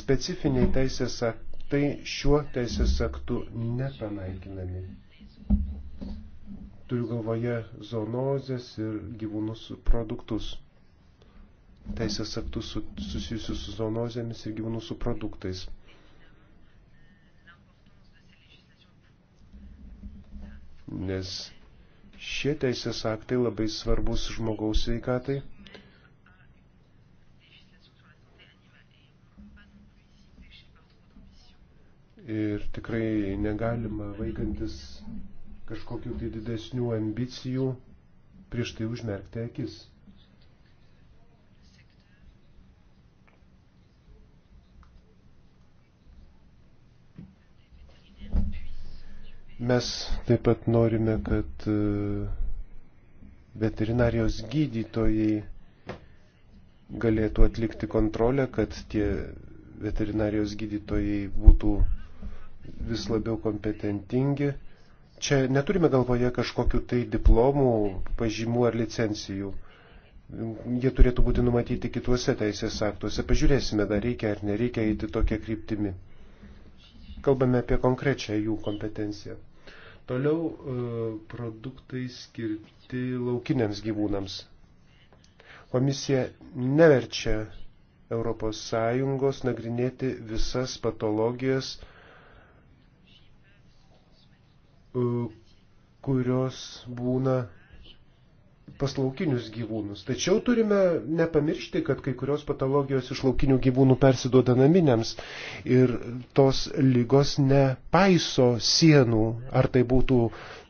specifiniai teisės aktai šiuo teisės aktu nepanaikinami. Turiu galvoje zoonozės ir gyvūnus produktus. Teisės aktus susijusius su zoonozėmis ir gyvūnų su produktais. Nes šie teisės aktai labai svarbus žmogaus sveikatai. ir tikrai negalima vaikantis kažkokių tai didesnių ambicijų, prieš tai užmerkti akis. Mes taip pat norime, kad e, veterinarijos gydytojai galėtų atlikti kontrolę, kad tie veterinarijos gydytojai būtų vis labiau kompetentingi Čia neturime galvoje kažkokių tai diplomų, pažymų ar licencijų. Jie turėtų būti numatyti kituose teisės aktuose. Pažiūrėsime, dar reikia ar nereikia eiti tokia kryptimi. Kalbame apie konkrečią jų kompetenciją. Toliau e, produktai skirti laukiniams gyvūnams. Komisija neverčia ES nagrinėti visas patologijas, E, kurios būna pas laukinius gyvūnus. Tačiau turime nepamiršti, kad kai kurios patologijos iš laukinių gyvūnų persiduoda naminiams ir tos lygos nepaiso sienų, ar tai būtų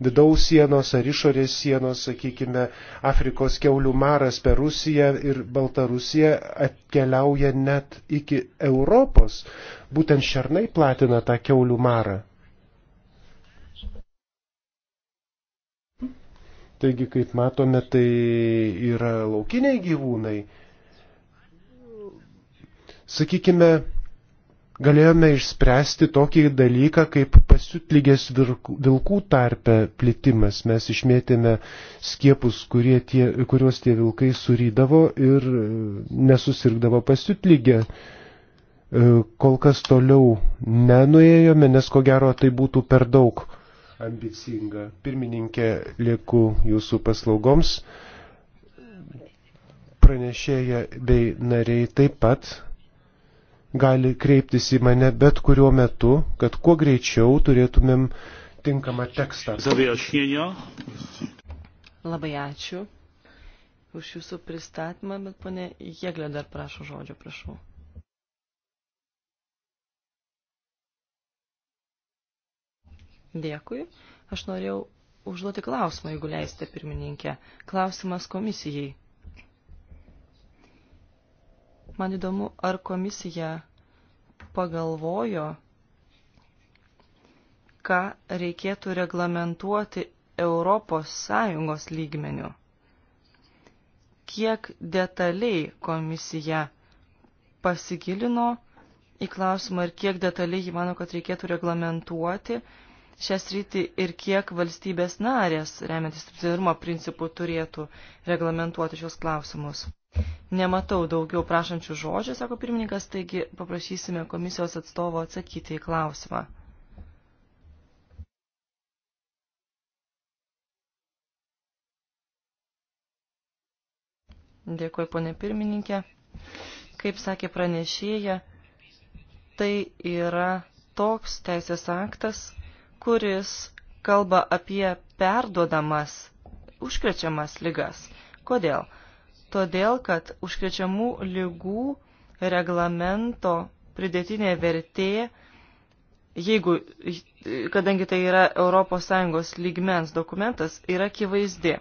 vidaus sienos ar išorės sienos, sakykime, Afrikos keulių maras per Rusiją ir Baltarusiją atkeliauja net iki Europos. Būtent šernai platina tą keulių marą. Taigi, kaip matome, tai yra laukiniai gyvūnai. Sakykime, galėjome išspręsti tokį dalyką, kaip pasiutlygės vilkų tarpe plitimas. Mes išmėtėme skiepus, tie, kuriuos tie vilkai surydavo ir e, nesusirgdavo pasiutlygę. E, kol kas toliau nenuėjome, nes ko gero tai būtų per daug ambicinga. Pirmininkė, lieku jūsų paslaugoms. Pranešėja bei nariai taip pat gali kreiptis į mane bet kuriuo metu, kad kuo greičiau turėtumėm tinkamą tekstą. Labai ačiū už jūsų pristatymą, bet ponė Jėglė dar prašo žodžio, prašau. Dėkui. Aš norėjau užduoti klausimą, jeigu leisite, pirmininkė. Klausimas komisijai. Man įdomu, ar komisija pagalvojo, ką reikėtų reglamentuoti Europos Sąjungos lygmeniu. Kiek detaliai komisija pasigilino į klausimą ir kiek detaliai jį mano, kad reikėtų reglamentuoti šią sritį ir kiek valstybės narės, remiantis subsidiarumo principų, turėtų reglamentuoti šios klausimus. Nematau daugiau prašančių žodžių, sako pirmininkas, taigi paprašysime komisijos atstovo atsakyti į klausimą. Dėkuoju, ponė pirmininkė. Kaip sakė pranešėja, tai yra toks teisės aktas, kuris kalba apie perduodamas, užkrečiamas ligas. Kodėl? Todėl, kad užkrečiamų lygų reglamento pridėtinė vertė, jeigu, kadangi tai yra ES lygmens dokumentas, yra akivaizdi,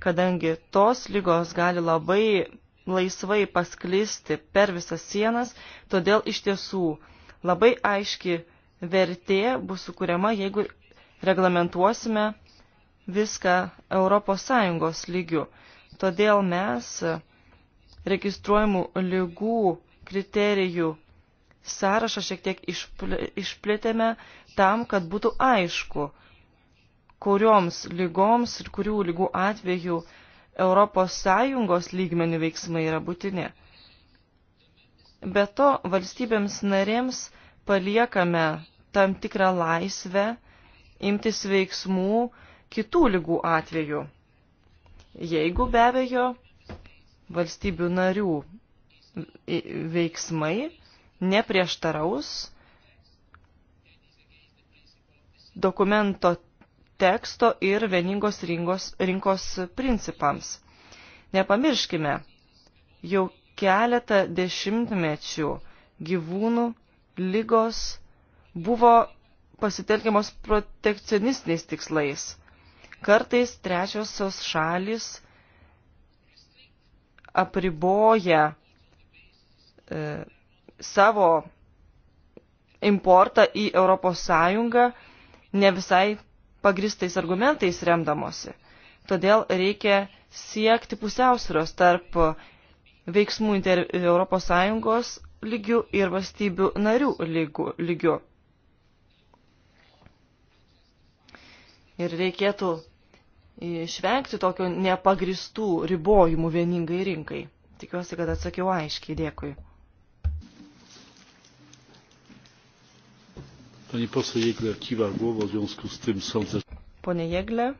kadangi tos lygos gali labai laisvai pasklisti per visas sienas, todėl iš tiesų labai aiški vertė bus sukūriama, jeigu reglamentuosime viską ES lygiu. Todėl mes registruojamų lygų kriterijų sąrašą šiek tiek išplėtėme tam, kad būtų aišku, kurioms lygoms ir kurių lygų atveju ES lygmenių veiksmai yra būtini. Be to, valstybėms narėms paliekame tam tikrą laisvę imtis veiksmų kitų lygų atveju, jeigu be abejo valstybių narių veiksmai neprieštaraus dokumento teksto ir vieningos rinkos, rinkos principams. Nepamirškime, jau keletą dešimtmečių gyvūnų lygos buvo pasitelkiamos protekcionistiniais tikslais. Kartais trečiosios šalis apriboja e, savo importą į ES ne visai pagristais argumentais remdamosi. Todėl reikia siekti pusiausvėros tarp veiksmų ES lygių ir valstybių narių lygių. Ir reikėtų išvengti tokio nepagristų ribojimų vieningai rinkai. Tikiuosi, kad atsakiau aiškiai. Dėkui. Pani poseł Jegle kiwa głową, w związku z tym sądzę. Pone Jegle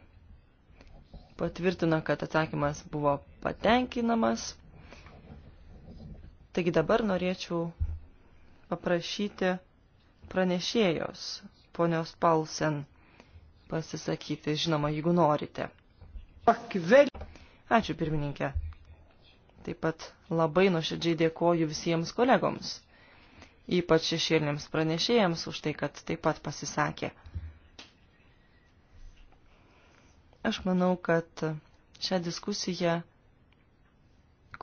patvirtina, kad atsakymas buvo patenkinamas. Taigi dabar norėčiau paprašyti pranešėjos, ponios Paulsen, pasisakyti, žinoma, jeigu norite. Ačiū pirmininkė. Taip pat labai nuoširdžiai dėkoju visiems kolegoms, ypač šešėlėms pranešėjams už tai, kad taip pat pasisakė. Aš manau, kad šią diskusiją,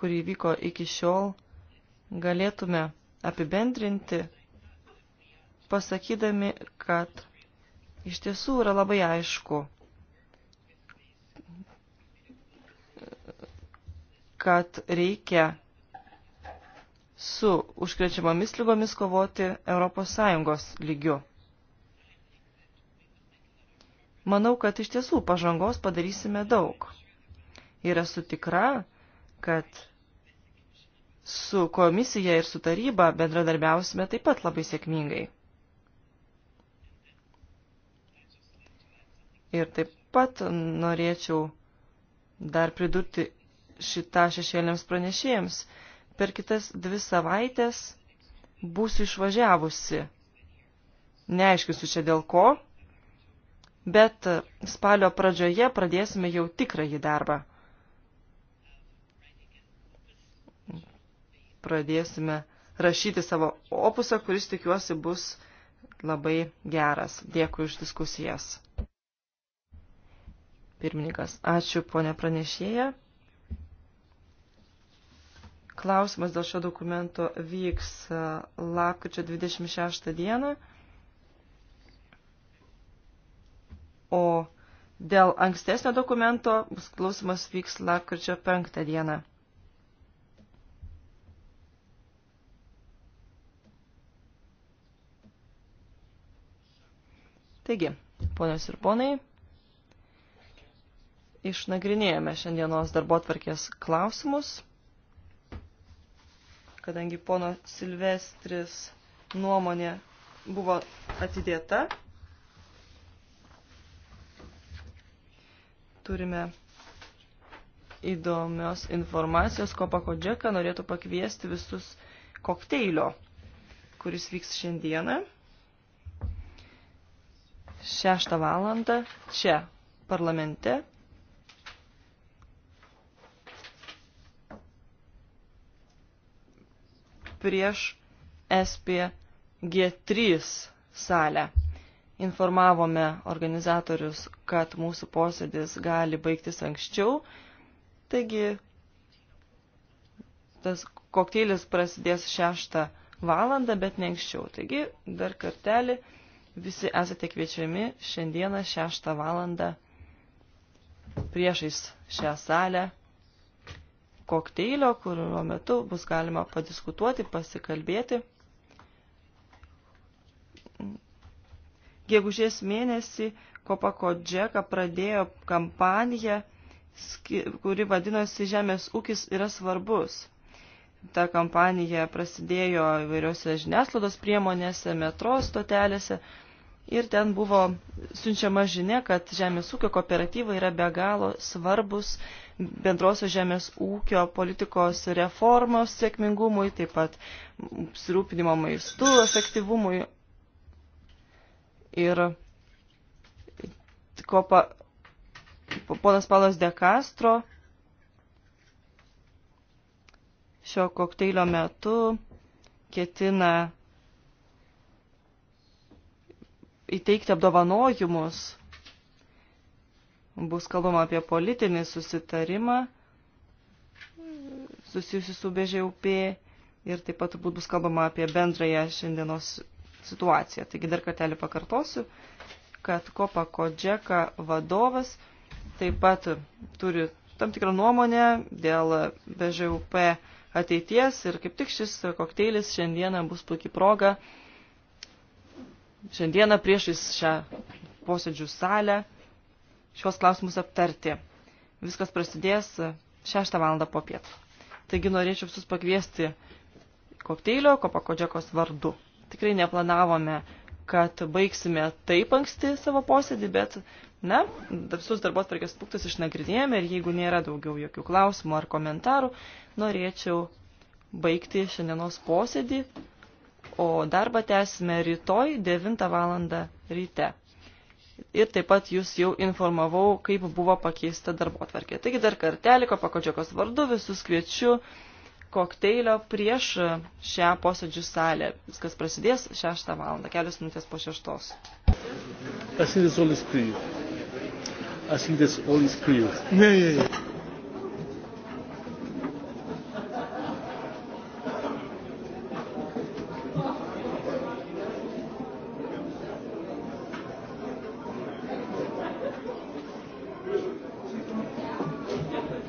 kuri vyko iki šiol, galėtume apibendrinti, pasakydami, kad iš tiesų yra labai aišku, kad reikia su užkrečiamomis lygomis kovoti ES lygiu. Manau, kad iš tiesų pažangos padarysime daug. Ir esu tikra, kad su komisija ir su taryba bendradarbiausime taip pat labai sėkmingai. Ir taip pat norėčiau dar pridurti šitą šešėliams pranešėjams. Per kitas dvi savaitės būsiu išvažiavusi. Neaiškinsiu čia dėl ko, bet spalio pradžioje pradėsime jau tikrąjį darbą. pradėsime rašyti savo opusą, kuris tikiuosi bus labai geras. Dėkui už diskusijas. Pirmininkas, ačiū ponė pranešėja. Klausimas dėl šio dokumento vyks e, lapkričio 26 dieną. O dėl ankstesnio dokumento klausimas vyks lapkričio 5 dieną. Taigi, ponios ir ponai, išnagrinėjome šiandienos darbo tvarkės klausimus, kadangi pono Silvestris nuomonė buvo atidėta. Turime įdomios informacijos, ko pakodžeka norėtų pakviesti visus kokteilio, kuris vyks šiandieną. 6 valandą čia parlamente. prieš SPG3 salę. Informavome organizatorius, kad mūsų posėdis gali baigtis anksčiau, taigi tas kokteilis prasidės 6 valandą, bet ne anksčiau. Taigi dar kartelį Visi esate kviečiami šiandieną 6 valandą priešais šią salę kokteilio, kurio metu bus galima padiskutuoti, pasikalbėti. Gegužės mėnesį Kopako Džeka pradėjo kampaniją, kuri vadinosi Žemės ūkis yra svarbus ta kampanija prasidėjo įvairiose žiniasklaidos priemonėse, metro stotelėse. Ir ten buvo siunčiama žinia, kad žemės ūkio kooperatyvai yra be galo svarbus bendrosios žemės ūkio politikos reformos sėkmingumui, taip pat sirūpinimo maistu efektyvumui. Ir kopa, ponas Palas De Castro šio kokteilio metu ketina įteikti apdovanojimus. Bus kalbama apie politinį susitarimą susijusi su BŽUP ir taip pat turbūt bus kalbama apie bendrąją šiandienos situaciją. Taigi dar kartelį pakartosiu, kad Kopa Kodžeka vadovas taip pat turi tam tikrą nuomonę dėl BŽUP ateities ir kaip tik šis kokteilis šiandieną bus puikiai proga. Šiandieną priešais šią posėdžių salę šios klausimus aptarti. Viskas prasidės 6 val. po pietų. Taigi norėčiau visus pakviesti kokteilio Kopakodžekos vardu. Tikrai neplanavome, kad baigsime taip anksti savo posėdį, bet Na, visus darbos tarkės punktus išnagrinėjame ir jeigu nėra daugiau jokių klausimų ar komentarų, norėčiau baigti šiandienos posėdį, o darbą tęsime rytoj 9 val. ryte. Ir taip pat jūs jau informavau, kaip buvo pakeista darbo tvarkė. Taigi dar kartelį, ko pakodžiokos vardu, visus kviečiu kokteilio prieš šią posėdžių salę. Viskas prasidės 6 val. kelios minutės po 6. Aš ir I think that's all is clear. Yeah, yeah, yeah.